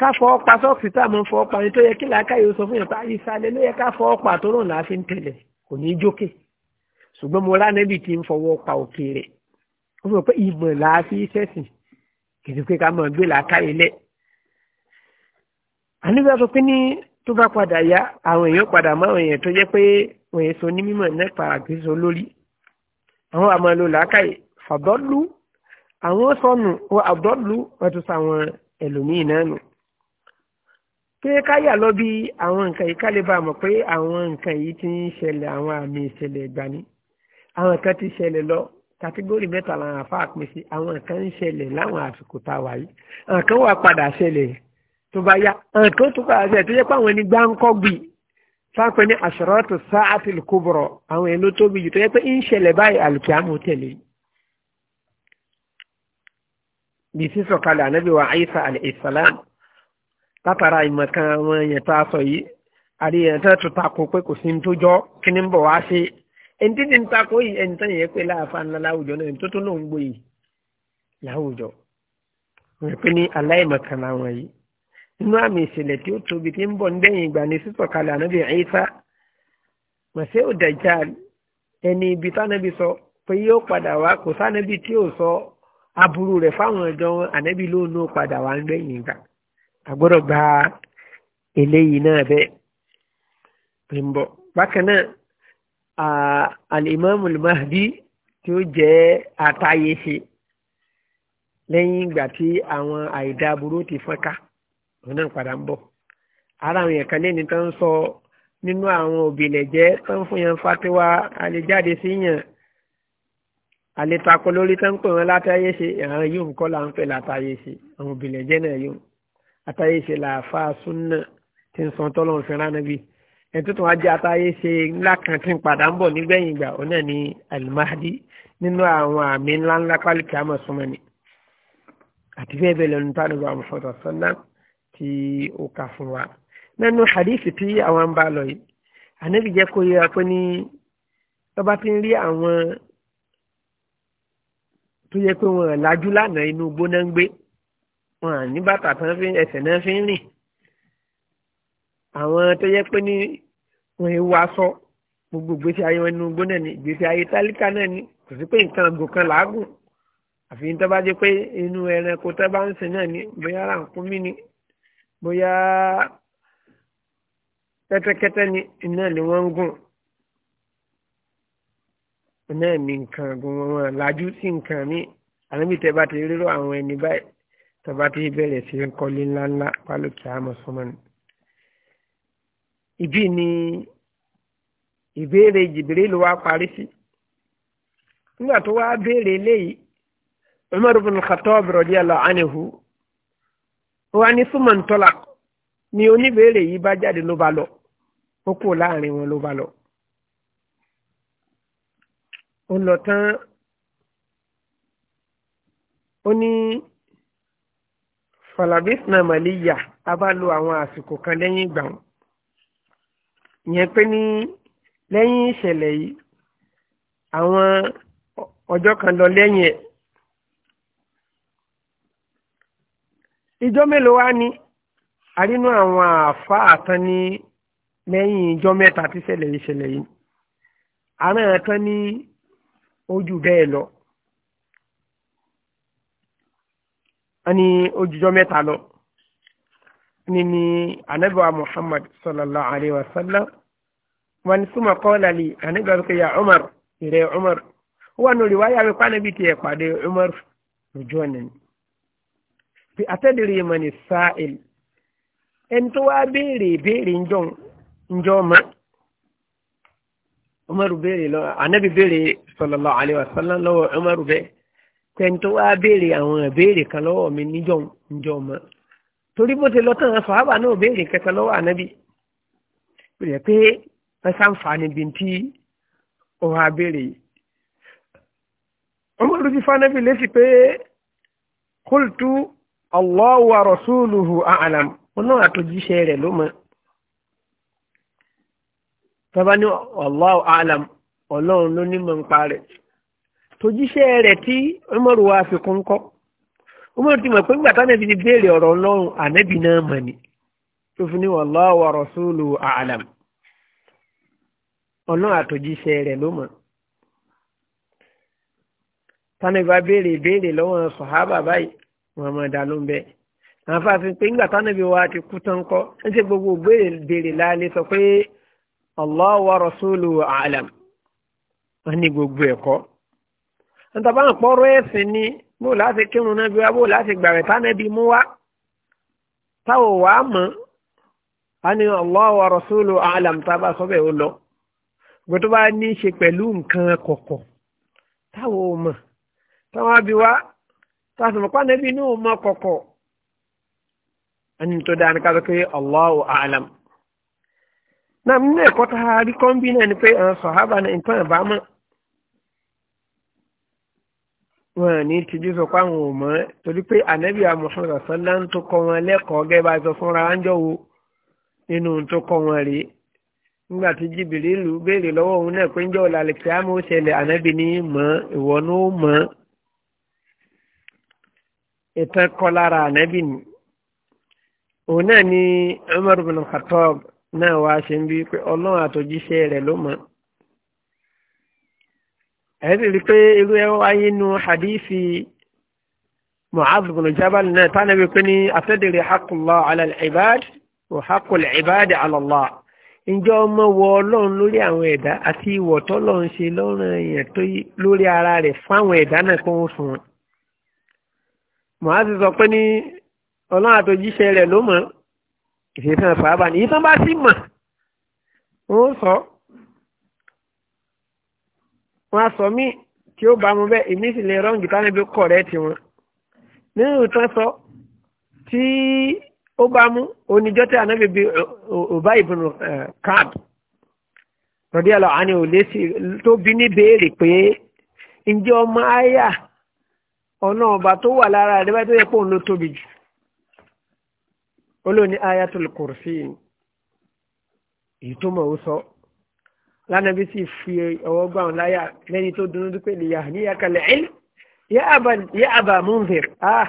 ká fọwọ́ pa sọ́ọ̀sì tá a mọ̀ fọwọ́ pa ni tó yẹ kí làákàyè sọ fún yàn pé ìsàlẹ̀ ló yẹ ká fọwọ́ pa tó rùn láàfin tẹ̀lẹ̀ kò ní í jókè ṣùgbọ́n mo ránẹ́bì tí ń fọwọ́ pa òkè rẹ̀ ó sọ pé ìmọ̀ làáfin sẹ́sìn kìí pé ká mọ̀ gbé làákàyè lẹ̀. àníbẹ̀ sọ pé ní tó bá padà yá àwọn èèyàn padà mọ́ àwọn èèyàn tó jẹ́ pé wọ́n yẹn sọ ní mímọ̀ nípa àgbésọ lórí àwọn àmọ́ lo làákàyè fàbọ́lù àwọn sọnù wọ àbúdọ́lù wọn tún sàwọn ẹlòmíì náà nù pé káyà lọ bí àwọn nǹkan yìí kálí bá mọ̀ pé àwọn nǹkan yìí ti ń ṣẹlẹ̀ àwọn àmì ìṣẹ̀lẹ̀ ìgbani àwọn kan ti ṣẹlẹ̀ lọ kàtígórì mẹ́ta làwọn àfáà pín sí àwọn kan ń ṣẹlẹ̀ láwọn àsìkò tá a wà yìí àwọn kan wà padà ṣẹlẹ̀ tó bá yá àwọn kan tó padà ṣẹlẹ̀ tó yẹ pé àwọn ẹni gbáǹkọ́ gbì sáńpẹ́ ní àṣàrátù sáàtì kúbọ̀rọ̀ àwọn ẹni ló tóbi jù tó yẹ pé ń ṣẹlẹ̀ báyìí àlùkìyàmù tẹ̀lé yìí bí sísọ̀kalẹ̀ ànábì wa Isa alayhisalam látara ìmọ̀kan àwọn èèyàn tá a sọ yìí àríyàn tó tún takò pé kò sí ní tó jọ kí ni ń bọ̀ wá ṣe ẹni tí ń takò yìí ẹni tán yẹn pé láàfa ńlá láwùjọ náà tó tún lòún gbòye láwùjọ wọn pé ní aláìmọ̀kan làwọn yìí inú àmì ìṣẹ̀lẹ̀ tí ó tóbi tí ń bọ̀ ń dẹ́yìn ìgbà ní sísọ̀kalẹ̀ ànábì Isa aburú rẹ̀ fáwọn ọ̀dọ́ ànẹ́bí ló ń padà wá ń lẹ́yìn ìgbà àgbọ́dọ̀ gba eléyìí náà bẹ́ẹ̀ pé ń bọ̀. bákan náà alimami Mahdi tí ó jẹ́ àtayéṣe lẹ́yìn ìgbà tí àwọn àìdá aburú ti fọ́nká òun náà padà ń bọ̀. ara àwọn èèyàn kan lẹ́ni tó ń sọ nínú àwọn òbílẹ̀ jẹ́ tó ń fún yẹn fatiwa àlejáde sí yẹn àletakọ lórí tó ń pè wọn látàyè ṣe àwọn yóò kọ́ là ń pè látàyè ṣe àwọn òbílẹ̀ jẹ́ náà yóò àtàyè ṣe làáfà súnà tí ń san tọ́lọ́ fẹ́ràn níbi ẹ̀tútù wájú àtàyè ṣe ńlá kan tí ń padà ń bọ̀ nígbẹ̀yìn ìgbà ọ̀nà ní alimahdi nínú àwọn àmì ńlá ńlá pálíkì àmọ̀ súnmọ́ ni àti bẹ́ẹ̀ bẹ́ẹ̀ lẹ́nu tá nígbà mọ̀fọ́tọ̀ sọ́nà tí ó kà fún wa nínú hadith tí àwọn ń bá lọ yìí ànábì jẹ́ kó yẹra tó yẹ pé wọn làjú lánàá inú gbóná ń gbé wọn ní bàtà tán fi ẹsẹ̀ náà fi ń rìn àwọn tó yẹ pé ní wọn ń wọ aṣọ gbogbo ìgbésí ayé wọn inú gbóná ni ìgbésí ayé tálíkà náà ni kò sí pé nǹkan àgùn kan làágùn àfi tó bá jẹ́ pé inú ẹranko tó bá ń sìn náà ni bóyá ràǹkúnmí ni bóyá kẹ́tẹ́kẹ́tẹ́ ni iná ni wọ́n ń gùn náà ní nǹkan gun wọn làjú sí nǹkan mi ànábì tẹ bá ti rírọ àwọn ẹni báyìí tẹ bá ti bẹ̀rẹ̀ sí kọ́lé ńláńlá pálókè àmọ́ sọ́mọ́ ni. ìbí ni ìbéèrè jìbìrìlù wa parí sí nígbà tó wá béèrè léyìí Umar ibn Khattab radiyallahu anhu wa ní súnmọ́ ntọ́lá ni oníbèrè yìí bá jáde ló bá lọ ó kù láàrin wọn ló bá lọ ó lọ tán ó ní falabisna maliya a bá lo àwọn àsìkò kan lẹ́yìn ìgbà wọn ìyẹn pé ní lẹ́yìn ìṣẹ̀lẹ̀ yìí àwọn ọjọ́ kan lọ lẹ́yìn ẹ̀ ìjọ mélòó wá ní àrínú àwọn àáfàá tán ní lẹ́yìn ìjọ mẹ́ta tí ìṣẹ̀lẹ̀ yìí yìí àárín àtán ní ó jù bẹ́ẹ̀ lọ ani ojújọ mẹ́ta lọ ni ni anabiwa muhammad sallallahu alaihi wa sallam wọn ni súnmọ́ kọ́ọ̀lá li anabiwa bí ya umar ìrẹ́ umar wọn ni olùwáyà mi kwana bí tiẹ̀ pàdé umar lójú ọ̀nà ni bí atẹ́dìrì mọ̀ ni sáà ẹni tó wá béèrè béèrè njọ́ njọ́ mọ́ umaru béèrè lọ anabi béèrè sallallahu alaihi wasallam lọ́wọ́ umaru bẹ́ẹ̀ tẹ̀ntọ́ wa béèrè àwọn béèrè kan lọ́wọ́ mi níjọ́ níjọ́ mọ́ torí bó ti lọ tán sọ̀hábà náà béèrè kẹta lọ́wọ́ anabi rẹ̀ pé ẹ̀sánfààní bí tí ó wá béèrè yìí umaru ti fa anabi lẹ́sì pé qultu Allahu wa rasuluhu a'lam wọn náà àtòjíṣẹ́ rẹ̀ ló tọ́ba ní Allahu alam ọlọ́run ló ní mọ̀ ń pa rẹ̀ tojíṣẹ́ rẹ̀ tí ọmọrù wa fi kún kọ́ ọmọrù ti mọ̀ pé nígbà táwọn ẹbí ti béèrè ọ̀rọ̀ ọlọ́run ànẹ́bí náà mọ̀ ni tó fi ní Wallahu wa alam ọlọ́run àtòjíṣẹ́ rẹ̀ ló mọ̀ táwọn ẹbí béèrè lọ́wọ́ sọ̀hábà báyìí wọn mọ̀ dá ló ń bẹ́ẹ̀ pé nígbà táwọn wa ti kú tán kọ́ ẹ Allah wa rasuluhu a'lam wọ́n ní gbogbo ẹ̀kọ́ nítorí àwọn pọ́rọ́ ẹ̀sìn ni bó láti kírun náà bí wá bó láti gbàrẹ̀ tánẹ́bí mú wá táwọn wàá mọ̀ á ní Allah wa rasuluhu a'lam tá a bá sọ bẹ́ẹ̀ ó lọ gbọ́dọ̀ bá ní í ṣe pẹ̀lú nǹkan kọ̀kọ̀ táwọn mọ̀ táwọn àbí wá táwọn mọ̀ pánẹ́bí ní òun mọ̀ kọ̀kọ̀ ẹni tó dáa ní ká ló kéré Allahu a'lam na nínú ẹ̀kọ́ tá a rí kọ́ńbí náà ni pé àwọn sọ̀hábà náà nǹkan ẹ̀ kwa mọ̀ wọn ní tìjú sọ pé àwọn ò mọ̀ ẹ́ torí pé ànábì Muhammad sọ́lá ń tó kọ́ wọn lẹ́kọ̀ọ́ gẹ́gẹ́ bá a sọ fúnra wọn jọ wo nínú tó kọ́ wọn rèé nígbà tí Jibrilu béèrè lọ́wọ́ òun náà pé ń jọ́ ọ̀làlẹ̀ kí á mọ̀ ṣẹlẹ̀ ànábì ní mọ̀ ìwọ ní ó mọ̀ ìtàn kọ́ lára ni òun náà ni Umar bin Khattab náà wá ṣe ń bí pé ọlọ́run àtòjíṣẹ́ rẹ̀ ló mọ̀ rí pé irú ẹ wáyé nu hadithi jabal náà ní afẹ́dẹ̀rẹ̀ wa ala ǹjọ́ ọmọ wọ ọlọ́run lórí àwọn ẹ̀dá àti ìwọ̀ tọ́lọ́run ṣe lọ́rùn èèyàn tó lórí ara rẹ̀ fáwọn ẹ̀dá náà kó ń fún ìṣẹ̀sán sàábà ní ìtàn bá sì mọ̀ wọ́n sọ wọ́n á sọ mí tí ó bá mu bẹ́ẹ̀ èmi sì lè rọ́ǹgì tá níbi kọ̀ rẹ́ ti wọn nínú ìtàn sọ tí ó bá mu oníjọ́ tí àná bèbè ọba ìbùnú card rọ̀dí àlọ́ àní ò lésì tó bí ní béèrè pé ǹjẹ́ ọmọ àyà ọ̀nà ọba tó wà lára rẹ̀ bá tó yẹ pé òun ló tóbi jù olóòní ayatul kursi èyí tó mọ̀ ó sọ lánàbí sì fi ọwọ́ gbà wọn láyà lẹ́ni tó dunú dúpẹ́ lè yà ní yàkàlẹ̀ ẹ̀lì yà àbà múnzẹ̀r ah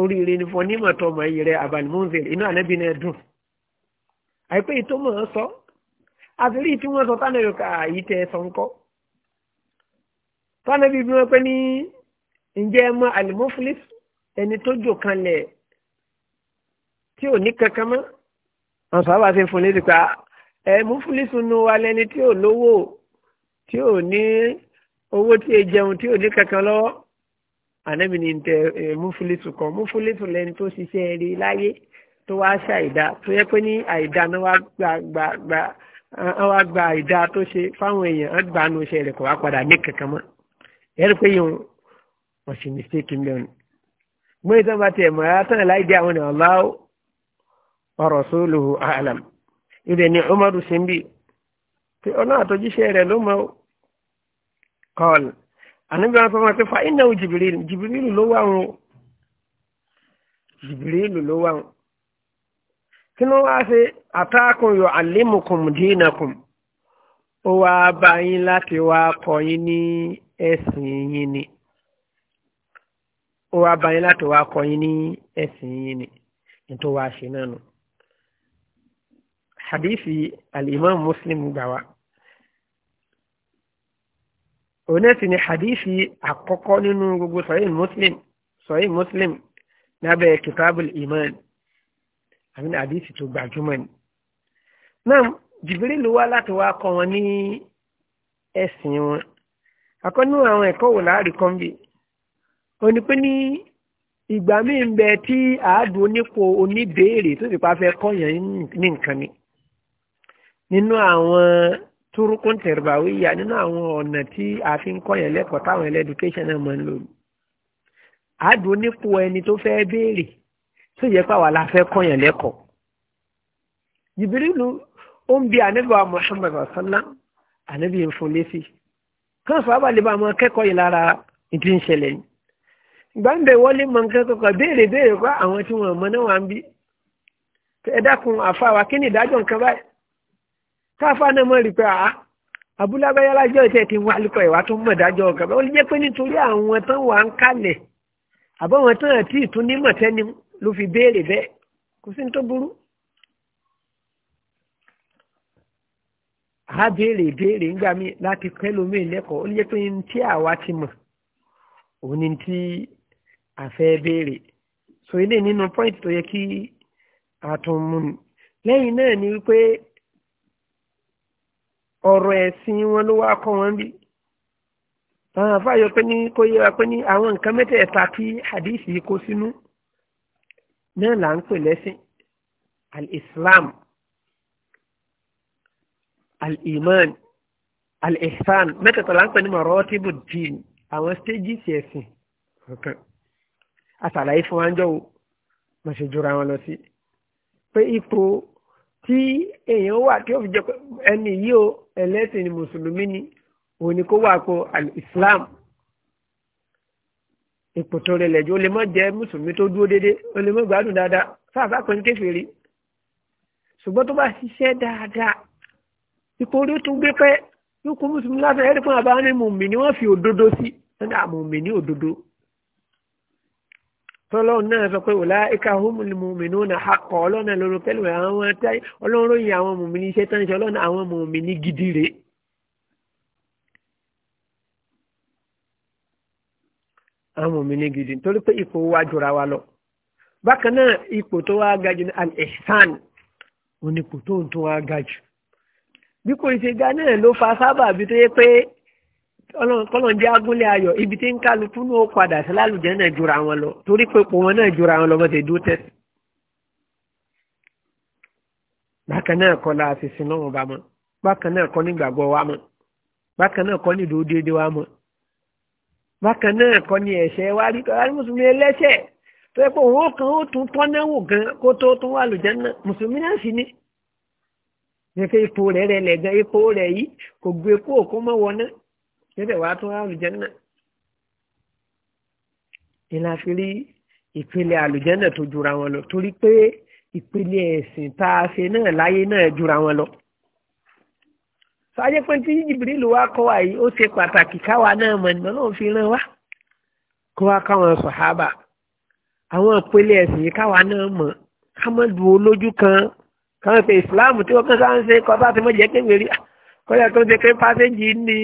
oríire ni fún onímọ̀ tó mọ̀ èyí rẹ̀ àbà múnzẹ̀r inú ànábì náà dùn àìpé èyí tó mọ̀ ó sọ àtìrí tí wọ́n sọ tánà yòókà èyí tẹ ẹ sọ ńkọ́ tánà bíbí wọn pé ní ǹjẹ́ ẹ àlùmọ́fúlẹ́sì ẹni tó jò kanlẹ̀ tí ò ní kankan mọ́ àwọn sábà ti fún létí pa ẹ mú fúlísùnú wa lẹni tí ò lówó tí ò ní owó tí ì jẹun tí ò ní kankan lọ́wọ́ ànábì ní tẹ ẹ mú fúlísù kan mú fúlísù lẹni tó ṣiṣẹ́ rí láyé tó wá ṣe àìdá tó yẹ pé ní àìdá náà wá gbà gbà gbà wá gba àìdá tó ṣe fáwọn èèyàn á gbà nù iṣẹ́ rẹ̀ kó wá padà ní kankan mọ́ ẹ rí pé yìí wọ́n ṣe mistake ń bẹ̀rù gbọ́dọ̀ tí wọ́n bá tiẹ̀ mọ̀ ẹ́ tán láì dé àwọn ọ̀la wa rasuluhu a'lam ibẹ̀ ni umaru ṣe ń bì pé ọ̀nà àtọ̀jíṣẹ́ rẹ̀ ló mọ̀ kọ́ọ̀lù àníbi wọn fọwọ́n pé fa iná jìbìrìlù jìbìrìlù ló wà wọn jìbìrìlù ló wà wọn kí ló wá ṣe àtàkùn yọ àlémùkùn dínàkùn ó wá bá yín láti wá kọ́ yín ní ni ó wá bá yín láti wá kọ́ yín ní ẹ̀sìn yín ni nítorí wá ṣe náà nù hadithi al-imam muslim gbà wá òun náà sì ni hadithi àkọ́kọ́ nínú gbogbo sahih muslim sahih muslim lábẹ́ kitabul iman àmì hadithi tó gbajúmọ̀ ni náà jibril wá láti wá kọ́ wọn ní ẹ̀sìn wọn akọ́nú àwọn ẹ̀kọ́ wò láàrí kan bí o ní pé ní ìgbà ń bẹ tí àádùn onípo oníbèèrè tó sì pa fẹ́ kọ́yàn ní nǹkan ni. Ni nínú àwọn turukun tẹ̀rẹ̀bàwíyà nínú àwọn ọ̀nà tí a fi ń kọ́yàn lẹ́kọ̀ọ́ táwọn ẹlẹ́ education náà máa ń lò àdùn nípò ẹni tó fẹ́ béèrè tó yẹ pàwọ́ la fẹ́ kọ́yàn lẹ́kọ̀ọ́ jìbìrìlù ó ń bi ànábì wa Muhammad ọ̀sánná ànábì ń fún lésì kán sábà lè bá wọn kẹ́kọ̀ọ́ yìí lára ìdí ń ṣẹlẹ̀ yìí gbàǹdẹ̀ wọlé mọ̀ kẹ́kọ̀ọ́ béèrè béèrè pa àwọn tí wọ́n mọ̀ náà wà ń bí ẹ dákun àfa wa kí ni ìdájọ́ nǹkan báyìí káfá náà mọ̀ rí pé àá ah, abúlé abẹ́yẹ alájọ́ ìṣe ti wá lùkọ́ ìwà tó mọ̀ dájọ́ ọ̀gá ó lè jẹ́ pé nítorí àwọn tán wà ń kalẹ̀ àbọ̀wọ̀n tán àti ìtúnímọ̀ tẹ́ni ló fi béèrè bẹ́ẹ̀ kò sí tó burú. a béèrè ìbéèrè ńgbà mí láti pẹ́ lómi ìlẹ́kọ̀ọ́ ó lè pé ní tí àwa ti mọ̀ òun ni tí a fẹ́ béèrè so ilé nínú pọ́ìntì tó yẹ kí a tún mú ni lẹ́yìn náà ni wípé ọ̀rọ̀ ẹ̀sìn wọn ló wá kọ́ wọn bí àwọn àfáàyọ pé ní kó yẹra pé ní àwọn nǹkan mẹ́tẹ̀ẹ̀ta kí hadith yìí kó sínú náà là ń pè lẹ́sìn al-islam al-iman al-ihsan mẹ́tẹ̀ẹ̀ta là ń pè ní maratibu din àwọn stages ẹ̀sìn ọ̀kan àtàlàyé fún wa ń jọ wo mo jura wọn lọ sí pé ipò tí èèyàn wà kí ó fi jẹ́ pé ẹni yìí o ẹlẹ́sìn mùsùlùmí ni òun ni kó wà kó islam ipò tó rẹ̀ lẹ́jọ́ ó lè mọ́ jẹ́ mùsùlùmí tó dúró déédéé ó lè mọ́ gbádùn dáadáa sáàsá kan ní kéfèèrè ṣùgbọ́n tó bá ṣiṣẹ́ dáadáa ipò orí tún gbé pẹ́ yóò kó mùsùlùmí lásán ẹ̀rí fún àbáwọn mùmí ni wọ́n fi òdodo sí ẹ̀dá mùmí ní òdodo tọ́lọ́run náà sọ pé wòlá ìka humul mu'minuna haqqan ọlọ́nà lóru pẹ̀lú àwọn táyé ọlọ́run yìí àwọn mùmìnì iṣẹ́ tán ṣe ọlọ́nà àwọn mùmìnì gidi rèé. àwọn mùmìnì gidi torí pé ipò wa jura wa lọ. bákan náà ipò tó wá ga jù ní al-ihsan onípò tó ń tó wá ga jù. bí kò ṣe ga náà ló fa sábàbí tó yẹ pé kọ́lọ̀n jẹ́ agúnlé ayọ̀ ibi tí ń kálukú ní ó padà sí lálùjẹ́ náà jura wọn lọ torí pé pò wọn náà jura wọn lọ bó ṣe dúró tẹ́sí. bákan náà kọ́ la àṣìṣe náà wọn bá mọ́ bákan náà kọ́ nígbàgbọ́ wa mọ́ bákan náà kọ́ nídòó déédéé wa mọ́ bákan náà kọ́ ní ẹ̀ṣẹ̀ wa rí kọ́ra ní mùsùlùmí ẹlẹ́ṣẹ̀ tó yẹ pé òun kan ó tún tọ́náwó gan kó tó tún wà lùjẹ́ náà mùsùlùmí náà sì ni. ní pé ipò rẹ̀ rẹ̀ lẹ̀ gan ipò rẹ̀ yìí kò gbé kó òkú mọ́ wọn náà níbẹ̀ wàá tún àlùjẹ́nà ìlà fi rí ìpele àlùjẹ́nà tó jura wọn lọ torí pé ìpele ẹ̀sìn tá a ṣe náà láyé náà jura wọn lọ. sáyé pé tí jìbìrìlù wa kọ́ wa yìí ó ṣe pàtàkì káwa náà mọ̀ nínú náà fi ràn wá kó wa káwọn sọ̀hábà àwọn ìpele ẹ̀sìn yìí káwa náà mọ̀ ká mọ̀ du olójú kan káwọn ṣe ìsìláàmù tí wọ́n kàn sáà ń ṣe kọ́ bá ti mọ̀ jẹ́ kéwèé rí kọ́yà tó ṣe pé pàṣẹjì ní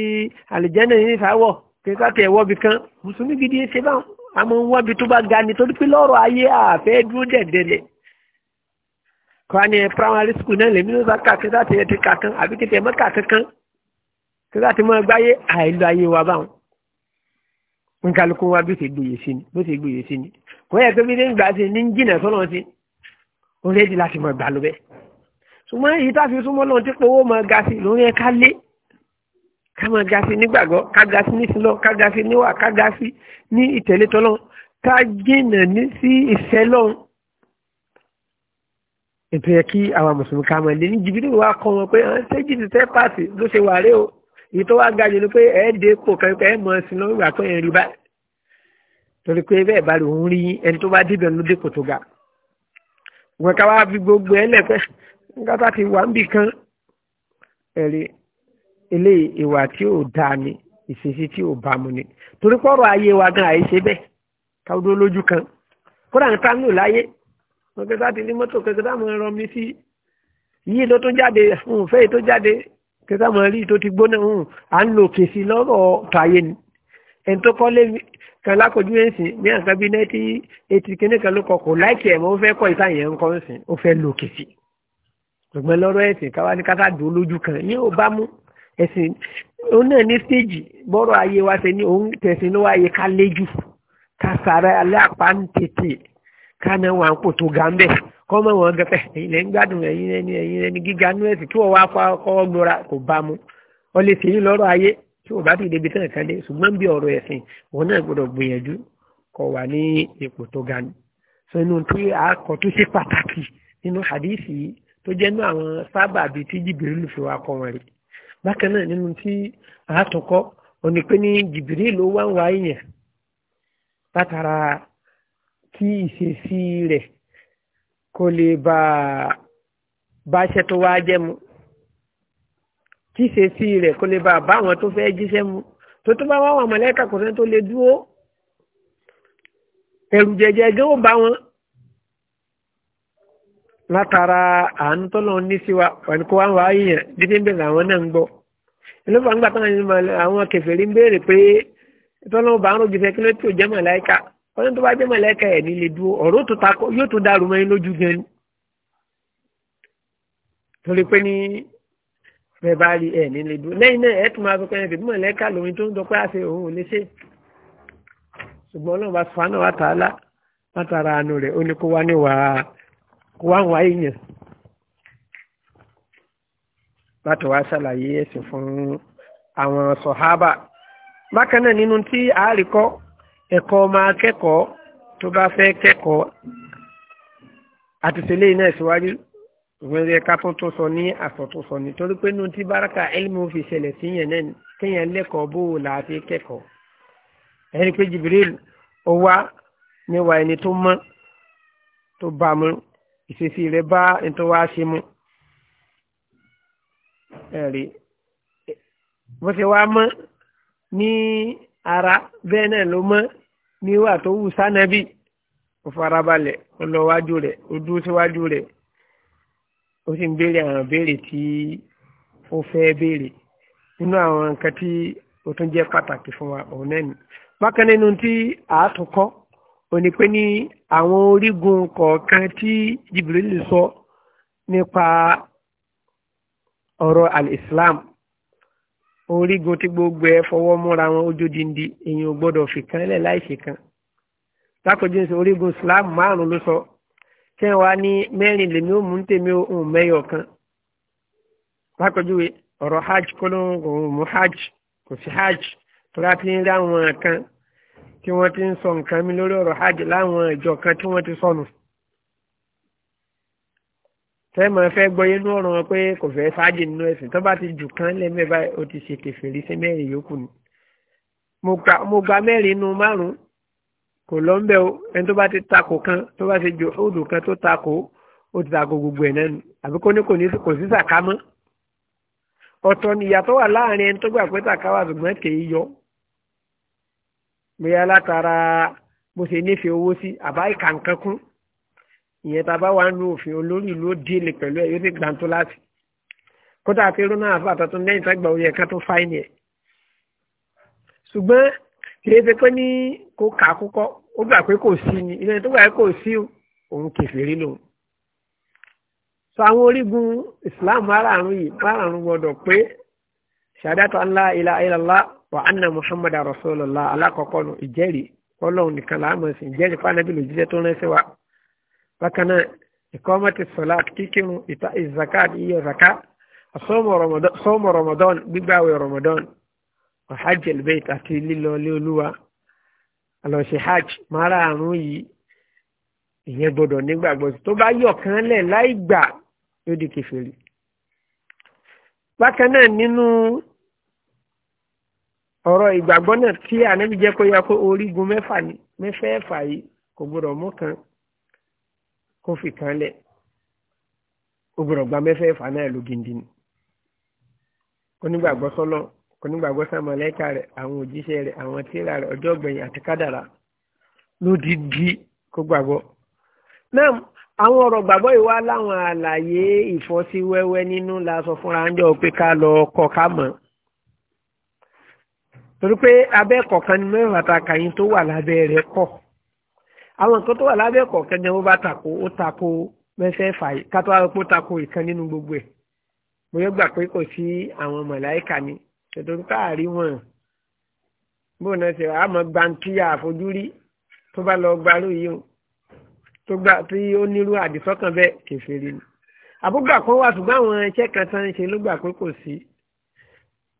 àlìjẹ́nà yìí fáwọ̀ pé káàkiri ẹ̀wọ́ bi kan mùsùlùmí gidi ń ṣe báwọn àmọ́ wọ́n bi tó bá ga ni torí pé lọ́rọ̀ ayé àfẹ́ dúró dẹ̀dẹ̀lẹ̀ kọ́yà ní primary school náà lèmi ló sá kàkiri láti ẹ̀ ti kà kan àbí kìtì ẹ̀ mọ́ kà kankan kí láti mọ́ gbáyé àìlú ayé wa báwọn nkálukú wa bí ó ṣe gbòye sí ni bó ṣe gbòye sí ni kọ́yà tó bí dé ń gbà sí ní ń jìnà sọ́nà sí ó rẹ́ẹ̀dì láti mọ̀ gbà lóbẹ́ ṣùgbọ́n èyí tá a fi súnmọ́ náà tí powó máa ga sí lórí ẹ ká lé ká máa ga sí nígbàgbọ́ ká ga sí nísìlọ ká ga sí níwà ká ga sí ní ìtẹ̀lé tọ́lọ́ ká jìnà ní sí ìfẹ́ lọ́hùn. ètò yẹ kí àwa mùsùlùmí ká máa lé ní jìbìtì wa kọ́ wọn pé àwọn ṣé jìbìtì tẹ́ pààtì ló ṣe wà ré o èyí tó wá ga jù ni pé ẹ̀ẹ́dẹ́ kò kẹ́ pé ẹ̀ mọ̀ sí lọ́wọ́ ìgbà pé ẹ̀ rí báyìí torí pé bẹ́ẹ̀ bá lòun rí ẹni tó bá débẹ̀ ló dépò tó ga. wọn ká wá fi gbogbo ẹ lẹ́pẹ́ nígbà tá a ti wà níbì kan ẹ̀rí eléyìí ìwà tí ò dáa ni ìṣesí tí ò bámu ni torí pọ́rọ̀ ayé wa gan àìṣe bẹ́ẹ̀ káwọn dúró lójú kan kódà ń ká nù láyé wọn kẹta ti ní mọ́tò kẹta táwọn ẹran mi sí yìí ló tún jáde fẹ́ yìí tó jáde kẹta mọ̀ rí tó ti gbóná à ń lò kèsì lọ́rọ̀ tàyé ni ẹni tó kọ́lé kan lákòójú ẹ̀ ń sìn ní àǹkan bíi náà tí etí kínní kan ló kọ kò láìkì ẹ̀ mọ́ ó fẹ́ kọ́ ìtàn yẹn ń kọ́ ń sìn ó fẹ́ lò kèsì ṣùgbọ́n lọ́rọ̀ ẹ̀sìn káwá ní kátà dùn lójú kan ní ò bá mú ẹ̀sìn òun náà ní stéèjì bọ́rọ̀ ayé wa ṣe ní òun tẹ̀sìn ló wáyé ká léjù ká sàrà aláàpá ń tètè ká náà wà ń pò tó ga ń bẹ̀ kọ́ mọ̀ wọ́n gẹ́pẹ́ ẹ̀yin lẹ́yìn gbádùn ẹ̀yin ẹni ẹ̀yin ẹni gíga nú ẹ̀sìn kí wọ́n wá fa ọkọ̀ gbọ́ra kò bá mú ọ lè ṣèyí lọ́rọ̀ ayé tí ò bá ti débi tán kan ṣùgbọ́n bí ọ̀rọ̀ ẹ̀sìn òun náà gbọ́dọ̀ gbìyànjú kó wà ní ipò tó ga ni. sọ inú tí a kọ tó ṣe pàtàkì nínú hadisi yìí tó jẹ́ nú àwọn sábàbí tí jìbìrìlù fi wá kọ́ wọn rí bákan náà nínú tí àátúnkọ́ òní pé ní jìbìrìlù wá ń wá èèyàn látara kí ìṣesí rẹ̀ kó lè bá bá ṣe tó wá jẹ́ mu kí ìṣesí rẹ̀ kó lè bá bá àwọn tó fẹ́ jíṣẹ́ mu tó tó bá wá wọn mọ̀lẹ́kà kò sẹ́ni tó lè dúró ẹ̀rù jẹjẹ gẹ́gẹ́ bá wọn látara àánú tọ́lọ́ ní sí wa wọ́n kó wá ń wá yìnyàn dídí ń bẹ̀rẹ̀ àwọn náà ń gbọ́ ìlú fàǹgbà tán àwọn kèfèrí ń béèrè pé tọ́lọ́ bá ń rojú fẹ́ kí ló tó jẹ́ màláìka ọdún tó bá jẹ́ màláìka ẹ̀ nílé dúró ọ̀rọ̀ tó takọ yóò tó dàrú mọ́ yín lójú gan ni torí pé ní bẹ́ẹ̀ bá rí ẹ̀ nílé dúró lẹ́yìn náà ẹ̀ tún máa fẹ́ pẹ́yìn tèmi ṣùgbọ́n ọlọ́run bá sọ àná wa tààlà látara àánú rẹ̀ ó ní kó wá níwàá kó wá wá èèyàn láti wá ṣàlàyé ẹ̀sìn fún àwọn sọ̀hábà bákan náà nínú tí a rí kọ́ ẹ̀kọ́ ọmọ akẹ́kọ̀ọ́ tó bá fẹ́ kẹ́kọ̀ọ́ àtìsílẹ̀ náà síwájú ìwé rẹ̀ ká tó tó sọ ní àsọtúnsọ ni torí pé nínú tí báraka elmo fi ṣẹlẹ̀ sí yẹn náà kéèyàn lẹ́kọ̀ọ́ bó o là á fi kẹ́kọ̀ọ́ ẹni pé Jibril ó ni níwà ẹni tó mọ́ tó bá mú ìṣesí rẹ̀ bá ètò wa ṣe mu ẹ̀rí bó ṣe wá mọ́ ní ara bẹ́ẹ̀ náà ló mọ́ ní wà tó wù sánẹ́bì ó farabalẹ̀ ó lọ wájú rẹ̀ ó dúró síwájú rẹ̀ ó sì ń béèrè àwọn béèrè tí ó fẹ́ béèrè nínú àwọn nǹkan tí ó tún jẹ́ pàtàkì fún wa òun náà ni bákan nínú tí àátúkọ́ òní pé ní àwọn orígun kọ̀ọ̀kan tí Jibril sọ nípa ọ̀rọ̀ al-Islam orígun tí gbogbo ẹ fọwọ́ múra wọn ojú dindi èèyàn gbọ́dọ̀ fìkan lẹ̀ kan lákòjú ní orígun Islam márùn ló sọ kí wá ní mẹ́rin lèmi ò mú tèmi mẹ́yọ̀ kan lákòjú ọ̀rọ̀ hajj kọ́lọ́ kò mú hajj kò sí hajj tó láti ń tí wọ́n ti ń sọ nǹkan mi lórí ọ̀rọ̀ hajj láwọn ìjọ kan tí wọ́n ti sọnù tẹ́ẹ̀mọ̀ fẹ́ gbọ́yé ní ọ̀rọ̀ wọn pé kò fẹ́ sáájì nínú ẹ̀sìn tó bá ti jù kán lẹ́mẹ̀ẹ́bá ó ti ṣe kẹfìrí sí mẹ́rin yòókù ni mo gba mẹ́rin inú márùn-ún kò lọ ń bẹ́ o ẹni tó bá ti takò kan tó bá ti jù òdù kan tó takò ó ti takò gbogbo ẹ̀ náà àbí kò ní kò sí sàkámọ́ ọ̀tọ̀ nìyàtọ̀ wà láàrin ẹni tó gbà pé sàkáwà ṣùgbọ́n kì í yọ bóyá látara bó ṣe nífẹ̀ẹ́ owó sí àbá ìka nǹkan kún ìyẹn tá a bá wà ń lo òfin olórí ìlú ó díìlì pẹ̀lú ẹ̀ yóò sì gbàǹtó láti kódà àti irú náà àfa àtàtún lẹ́yìn tágbà òye ẹ̀ka tó fáìní ẹ̀ ṣùgbọ́n kìí ṣe pé ní kó kà á kókọ́ ó gbà pé kò sí ni ìyẹn tó gbà pé kò sí òun kèfèrí lòun sọ àwọn orígun Islam márààrún yìí márààrún gbọdọ̀ pé ṣàdátà ńlá ilà ilà Allah wa anna muhammad rasulullah alákọ̀ọ́kọ́ nu ìjẹ́rìí ọlọ́run nìkan làá mọ̀ sí ìjẹ́rìí fánábì lòjíṣẹ́ tó ránṣẹ́ wa bákan náà ìkọ́mọ́tì sọ̀láàt kíkírun ìta ìzakat iye zaka sọ́mọ̀ ramadan gbígbàwẹ̀ ramadan hajj elbeit àti lílọ ilé olúwa àlọ́ṣe hajj márààrún yìí ìyẹn gbọdọ̀ nígbàgbọ́ tó bá yọ̀ kan lẹ̀ láì gbà ló di kèfèrí. bákan náà nínú ọ̀rọ̀ ìgbàgbọ́ náà tí ànábì jẹ́ kó yá pé orígun mẹ́fà ní mẹ́fẹ̀ẹ̀fà yìí kò gbọdọ̀ mú kan kó fi kan lẹ̀ ó gbọdọ̀ gba mẹ́fẹ̀ẹ̀fà náà lógindi ni onígbàgbọ́ sọ́lọ́ onígbàgbọ́ sàmọ̀lẹ́kà rẹ̀ àwọn òjíṣẹ́ rẹ̀ àwọn tíra rẹ̀ ọjọ́ gbẹ̀yìn àti kádàrà ló di di kó gbàgbọ́ náà àwọn ọ̀rọ̀ gbàgbọ́ yìí wá láwọn àlàyé ìfọ́síwẹ́wẹ́ nínú la sọ fúnra ń jọ pé ká lọ kọ́ ká mọ̀ ọ́ torí pé abẹ́ kọ̀ọ̀kan ni mẹ́wàá ta kàyín tó wà lábẹ́ rẹ̀ pọ̀ àwọn nǹkan tó wà lábẹ́ kọ̀ọ̀kan ni wọ́n bá tako ó tako mẹ́fẹ̀ẹ̀fà yìí kátó wá pé ó tako ìkan nínú gbogbo ẹ̀ mo yọ gbà pé kò sí àwọn mọ̀láìkà ni tòtòrí káàrí wọn bó náà ṣe wàá mọ gbantíyà àfojúrí tó bá lọ gbarú yìí tó gbà tí ó nírú àdìsọ́kàn bẹ́ẹ̀ kẹfẹ́ rí ni àbúgbà kan wà ṣùgbọ́n àwọn iṣẹ́ kan tán ṣe ló gbà pé kò sí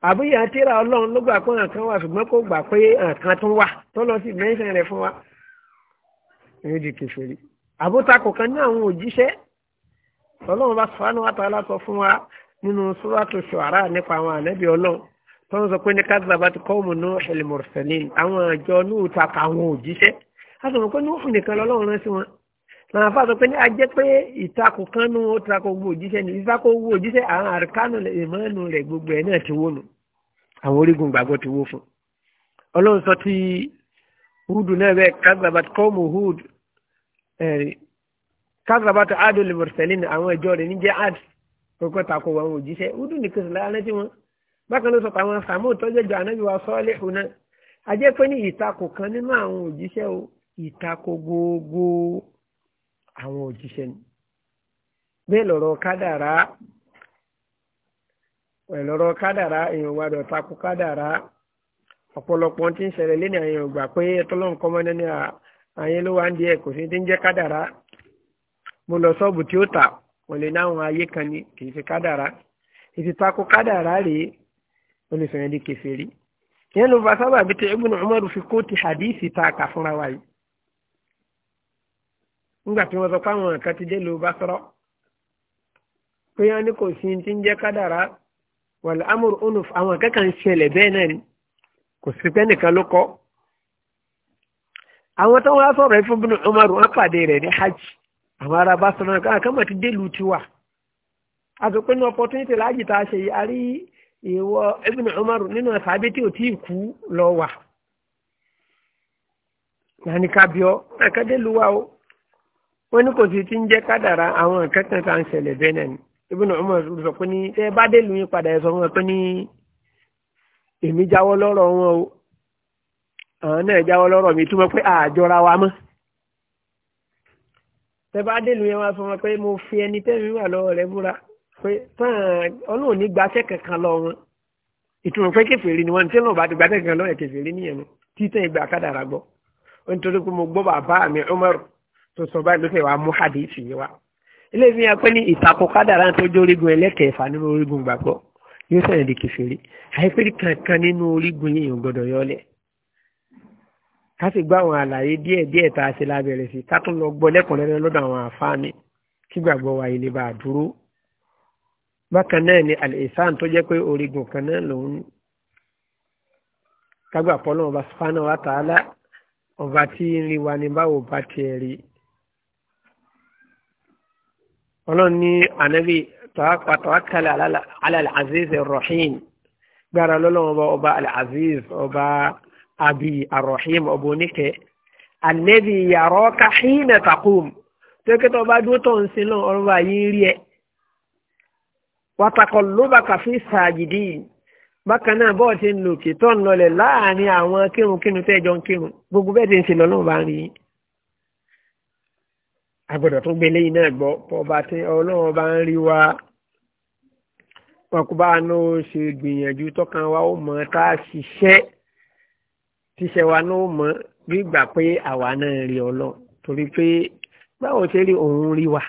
àbúyà tíra ọlọ́run ló gbà pé nǹkan wà ṣùgbọ́n kò gbà pé nǹkan tún wà tó lọ sí mẹ́sàn-án rẹ̀ fún wa èyí di kẹfẹ́rí àbótakò kan ní àwọn òjíṣẹ́ ọlọ́run bá sọ́nà wa tààlà sọ fún wa nínú sóràtò ṣọ̀hárà nípa àwọn ànábì ọlọ́run tó ń sọ pé ní kazabat qawmu Nuhil mursalin àwọn àjọ Nuhu ta ka òjíṣẹ́ a sọ̀rọ̀ pé Nuhu nìkan lọ́lọ́run rán sí wọn lànà fáṣọ pé ní a jẹ́ pé ìtakùn kan nù ó takò gbogbo òjíṣẹ́ ní ìtakò gbogbo òjíṣẹ́ àwọn àrùkánù ìmọ̀ọ́nù rẹ̀ gbogbo ẹ̀ náà ti wó nù àwọn orígun gbàgbọ́ ti wó fún ọlọ́run sọ ti húdù náà bẹ́ẹ̀ kazabat kọ́ọ̀mù húdù ẹ̀rí kazabat adol mursalin àwọn ìjọ rẹ̀ níjẹ́ ad kókó takò wọn òjíṣẹ́ húdù nìkan sì lára tí wọn bákan ló sọ wa sọ́ọ́lẹ̀ hùnà a jẹ́ pé ní ìtakò kan nínú àwọn ìtakò gbogbo àwọn òjíṣẹ́ ni bẹ́ẹ̀ lọ́rọ̀ kádàrá lọ́rọ̀ kádàrá èèyàn wà lọ takú kádàrá ọ̀pọ̀lọpọ̀ tí ń ṣẹlẹ̀ lẹ́nu àyàn ògbà pé ẹtọ́lọ́n kọ́mọ nínú àyẹn ló wà ń di ẹ̀ kò sí ti ń jẹ́ kádàrá mo lọ ṣọ́ọ̀bù tí ó tà wọ́n lè náwọn ayé kan ní kì í kádàrá ìfi takú kádàrá rèé ó lè sọ̀rọ̀ di kèfèrí ìyẹn ló fa sábà bíi tí Ibn Umar fi kóòtù hadisi ta kà fúnra wa nígbà tí wọ́n sọ pé àwọn kan ti dé ló bá sọ̀rọ̀ pé wọ́n ní kò sí ti ń jẹ́ kádàrá wàlẹ̀ amúrú ònù àwọn akẹ́kọ̀ọ́ ń ṣẹlẹ̀ bẹ́ẹ̀ náà ni kò sí pé nìkan ló kọ́ àwọn tó wá sọ̀rọ̀ fún bínú Umaru wọn pàdé rẹ̀ ní hajj àwọn ará bá sọ̀rọ̀ kan àkàmọ̀ ti dé lu tiwa àtòpé ní opportunity láàjì tá a ṣe yìí a rí ìwọ Ibn Umaru nínú sàbí tí ò tí ì kú lọ wà. nàníkàbíọ́ nàkàdé lu wa o wọ́n ní kò sí ti ń jẹ́ kádàrá àwọn nǹkan kan tá à ń ṣẹlẹ̀ bẹ́ẹ̀ ni Ibn Umar sọ pé ní tẹ́ bá dé lóyún padà ẹ̀ sọ wọn pé ní èmi jáwọ́ lọ́rọ̀ wọn o àwọn náà jáwọ́ lọ́rọ̀ mi túmọ̀ pé àjọra wa mọ́ tẹ́ bá dé lóyún wọn sọ wọn pé mo fi ẹni tẹ́mi wà lọ́wọ́ rẹ búra pé tán ọlọ́run ní gbaṣẹ́ kankan lọ wọn ìtumọ̀ pé kèfèrí ni wọ́n ti lọ́ọ̀ bá ti gbaṣẹ́ kankan lọ́ọ̀ kèfèrí nìyẹn títẹ̀ ìgbà kádàrá gbọ́ tó sọ báyìí ló fẹ́ wàá mú hadithi yìí wá ilé fi hàn pé ní ìtàkùn kádàrá tó jẹ́ orígun ẹlẹ́kẹ̀ẹ́fà nínú orígun gbàgbọ́ yóò sọ̀rọ̀ di kẹfìrí àìpé kankan nínú orígun yìí yóò gbọdọ̀ yọlẹ̀ ká sì gbọ́ àwọn àlàyé díẹ̀ díẹ̀ tá a ṣe lábẹ́rẹ́ sí ká tún lọ gbọ́ lẹ́kùnrẹ́rẹ́ lọ́dọ̀ àwọn àfáàní kí gbàgbọ́ wa ilé bá a dúró bákan náà ni al-ihsan tó jẹ́ pé orígun kan náà lòun kágbà pọ́lọ́mọba subhanahu wa ta'ala ọba tí ọlọ́run ní ànábì tọ́wákàlẹ̀ alàlàzíz rahim gbára lọ́lọ́run ọba ọba alàzíz ọba àbí arahim ọba oníkẹ́ ànábì yaraka hina taqum tókítọ̀ ọba dúró tó ń sin náà ọba yìí rí ẹ watakọlóbaka fi sàjìdì bákan náà bọ́ọ̀ ti ń lòkè tó ń lọlẹ̀ láàrin àwọn kírunkírun tẹ́jọ ń kírun gbogbo bẹ́ẹ̀ ti ń ṣe lọ́lọ́run bá rí yín agbọ́dọ̀ tó gbélé iná gbọ́ ọba tí ọlọ́run bá ń rí wa wọn kò bá ní ó ṣe gbìyànjú tọkàn wa ó mọ tá a ṣiṣẹ́ ṣiṣẹ́ wa ní ó mọ gbígbà pé àwa náà rí ọlọ́run torí pé báwo ṣe rí òun rí wa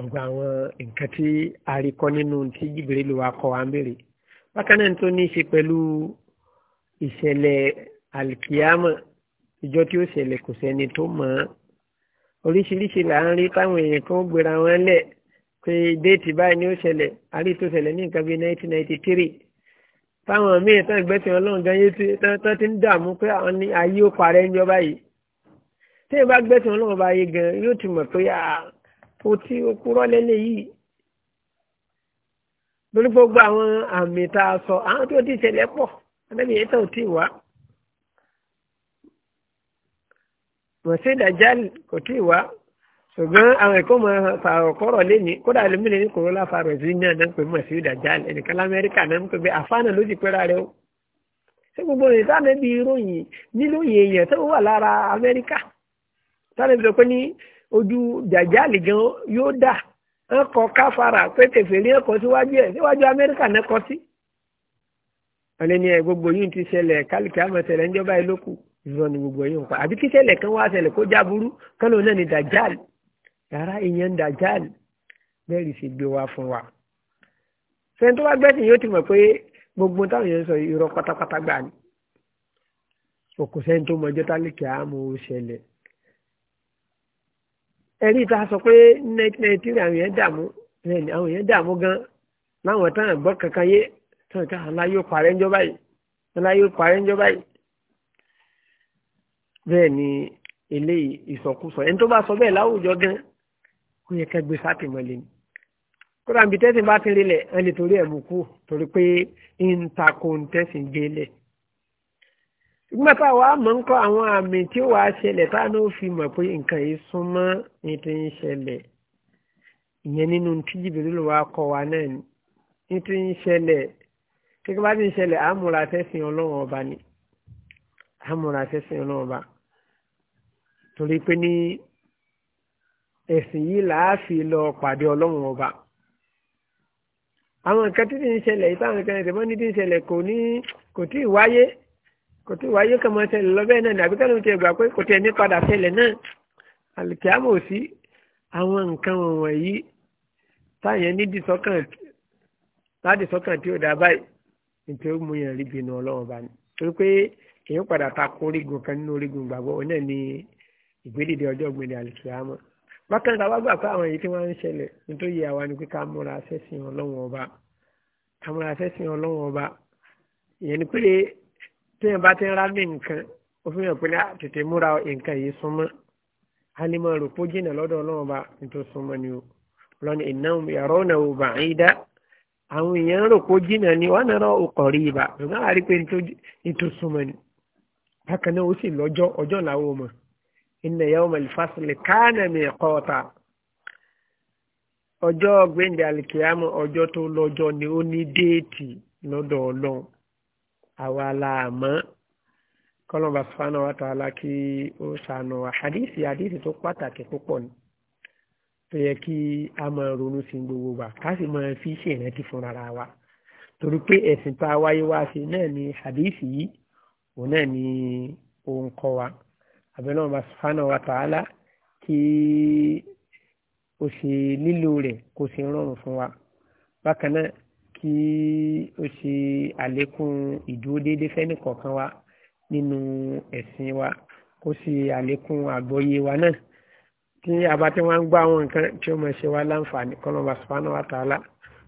ọgbà àwọn nǹkan tí a rí kọ́ nínú tí jìbìrì ló wa kọ́ wa ń béèrè bákan náà tó ní í ṣe pẹ̀lú ìṣẹ̀lẹ̀ alikiyama ìjọ tí ó ṣẹlẹ̀ kò sẹ́ni tó mọ̀ ọ́n oríṣiríṣi là ń rí táwọn èèyàn kan gbéra wọn lẹ̀ pé déètì báyìí ni ó ṣẹlẹ̀ àrí tó ṣẹlẹ̀ ní nǹkan bíi 1993 táwọn míì tán ìgbẹ́sìn ọlọ́run gan yé tán ti ń dààmú pé àwọn ní ayé ó parẹ́ ń jọ báyìí tí ìbá gbẹ́sìn ọlọ́run bá yé gan yóò ti mọ̀ pé o ti kúrọ́ lẹ́lẹ̀ yìí lórí gbogbo àwọn àmì tá a sọ àwọn tó ti ṣẹlẹ̀ pọ̀ adébíyẹ́tà ò tí ì wá mọ̀sí dàjálì kò tí ì wá ṣùgbọ́n àwọn ẹ̀kọ́ mọ fàrọ̀kọ́rọ̀ lẹ́ni kódà lómi lẹ́ni kòrólà fàrọ̀sí náà náà ń pè mọ̀sí dàjálì ẹnìkan lamẹ́ríkà náà ń pè bẹ́ẹ̀ àfáànà ló ti pẹ́ra rẹ o ṣé gbogbo rẹ̀ sáàmẹ́ bí ròyìn nílòyìn èèyàn tó wà lára amẹ́ríkà sáàmẹ́ bí sọ pé ní ojú dàjálì gan yóò dà ẹ̀kọ́ káfàrà pé kẹfẹ́rí ẹ̀kọ́ síwájú ẹ̀ síwájú amẹ́ríkà náà kọ́ sí. ọ̀lẹ́ni ẹ̀ gbogbo yìí ti ṣẹlẹ̀ kálíkì àmọ̀ṣẹ̀lẹ̀ ńjọba ìlókù irọ́ ni gbogbo ẹ̀yìn pa àbí kíṣẹ̀lẹ̀ kan wá ṣẹlẹ̀ kó jáburú kánò náà ni dàjáàlì rárá ìyẹn ń dàjáàlì bẹ́ẹ̀rì sì gbé wá fún wa. sẹ́ni tó bá gbẹ́sìn yóò ti mọ̀ pé gbogbo táwọn yẹn sọ irọ́ pátápátá gbà ni òkú sẹ́ni tó mọjọ́ tálíkì àmọ́ ó ṣẹlẹ̀. ẹ̀rí ìta sọ pé nàìjíríà àwọn yẹn dààmú àwọn yẹn dààmú gan láwọn táwọn gbọ́ kankan yé táwọn ń jọ bẹ́ẹ̀ ni eléyìí ìsọkúsọ ẹni tó bá sọ bẹ́ẹ̀ láwùjọ gan ó yẹ kẹgbẹ́ sátìmọ́lé ni kódà níbi tẹ́sìn bá ti rinlẹ̀ ẹ lè torí ẹ̀ mú kú torí pé ń takò ń tẹ́sìn gbélẹ̀ nígbà tá a wá mọ̀ ń kọ́ àwọn àmì tí ó wàá ṣẹlẹ̀ tá a fi mọ̀ pé nǹkan yìí súnmọ́ ní ti ń ṣẹlẹ̀ ìyẹn nínú tí jìbìrì ló wá kọ́ wa náà ní ti ń ṣẹlẹ̀ kíkọ́ bá ti ń ṣẹlẹ̀ àmúra tẹ́sìn ọlọ́run ọba ni àmúra tẹ́sìn ọlọ́run ọba torí pé ní ẹ̀sìn yìí làáfi lọ pàdé ọlọ́run ọba àwọn nǹkan tí ti ń ṣẹlẹ̀ yìí táwọn nǹkan ẹ̀sìn mọ́ ní ti ń ṣẹlẹ̀ kò ní kò tí ì wáyé kò tí ì wáyé kàn máa ṣẹlẹ̀ lọ bẹ́ẹ̀ náà ní àbíkẹ́ ló ń ti gbà pé kò tí ẹ̀ ní padà ṣẹlẹ̀ náà àlùkìyàmọ̀ sí àwọn nǹkan wọ̀nyí táyẹn ní dìsọ́kàn láti sọ́kàn tí ó dá báyìí nítorí ó mú rí bínú ọlọ́run bá ní torí pé èèyàn padà ta kó orígun kan nínú orígun ìgbàgbọ́ náà ni ìgbédìde ọjọ́ ìgbéde àlùkìyàmọ́ bákan náà wàá gbà pé àwọn èyí tí wọ́n ń ṣẹlẹ̀ nítorí àwa ni pé ká múra sẹ́sìn ọlọ́wọ́n ọba ká múra sẹ́sìn ọlọ́wọ́n ọba ìyẹn ni pé téèyàn bá ti ń rá ní nǹkan ó fi hàn pé tètè múra nǹkan yìí súnmọ́ a lè máa rò pó jìnnà lọ́dọ̀ ọlọ́wọ́n ọba nítorí súnmọ́ ni o lọ́nà innahum yarawnahu ba'ida àwọn èèyàn rò pó jìnnà ni wọ́n náà ó kọ̀rí ibà ṣùgbọ́n àrí pé nítorí súnmọ́ ni bákan náà ó sì lọ́jọ́ ọjọ́ làwọn ò mọ̀ inna yawmal fasli kana miqata ọjọ́ gbẹ̀ndẹ̀ alikiyamu ọjọ́ tó lọ́jọ́ ni ó ní déètì lọ́dọ̀ ọlọ́run àwa la mọ̀ kọ́lọ́mbà sùfàánà wa ta'ala kí ó ṣàánú wa hadisi hadisi tó pàtàkì púpọ̀ ni tó yẹ kí a máa ronú sí gbogbo wa ká sì máa fi ṣèrántí fúnra ra wa torí pé ẹ̀sìn tá a wáyé wá sí náà ni hadisi yìí òun náà ni ó ń kọ́ wa àbẹ̀lẹ́ ọba subhanahu wa ta'ala kí o ṣe lílo rẹ̀ kó ṣe rọrùn fún wa bákan náà kí o ṣe àlékún ìdúró déédéé fẹ́ni kọ̀ọ̀kan wa nínú ẹ̀sìn wa kó ṣe àlékún àgbọ́yé wa náà tí a bá ti ń gbọ́ àwọn nǹkan tí ó máa ṣe wá láǹfààní kọ́lọ́ba subhanahu wa ta'ala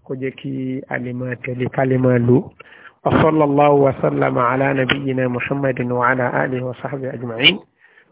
kó jẹ́ kí a lè máa tẹ̀lé ká lè máa lò wa sallallahu wa sallama ala nabiyyina muhammadin wa ala alihi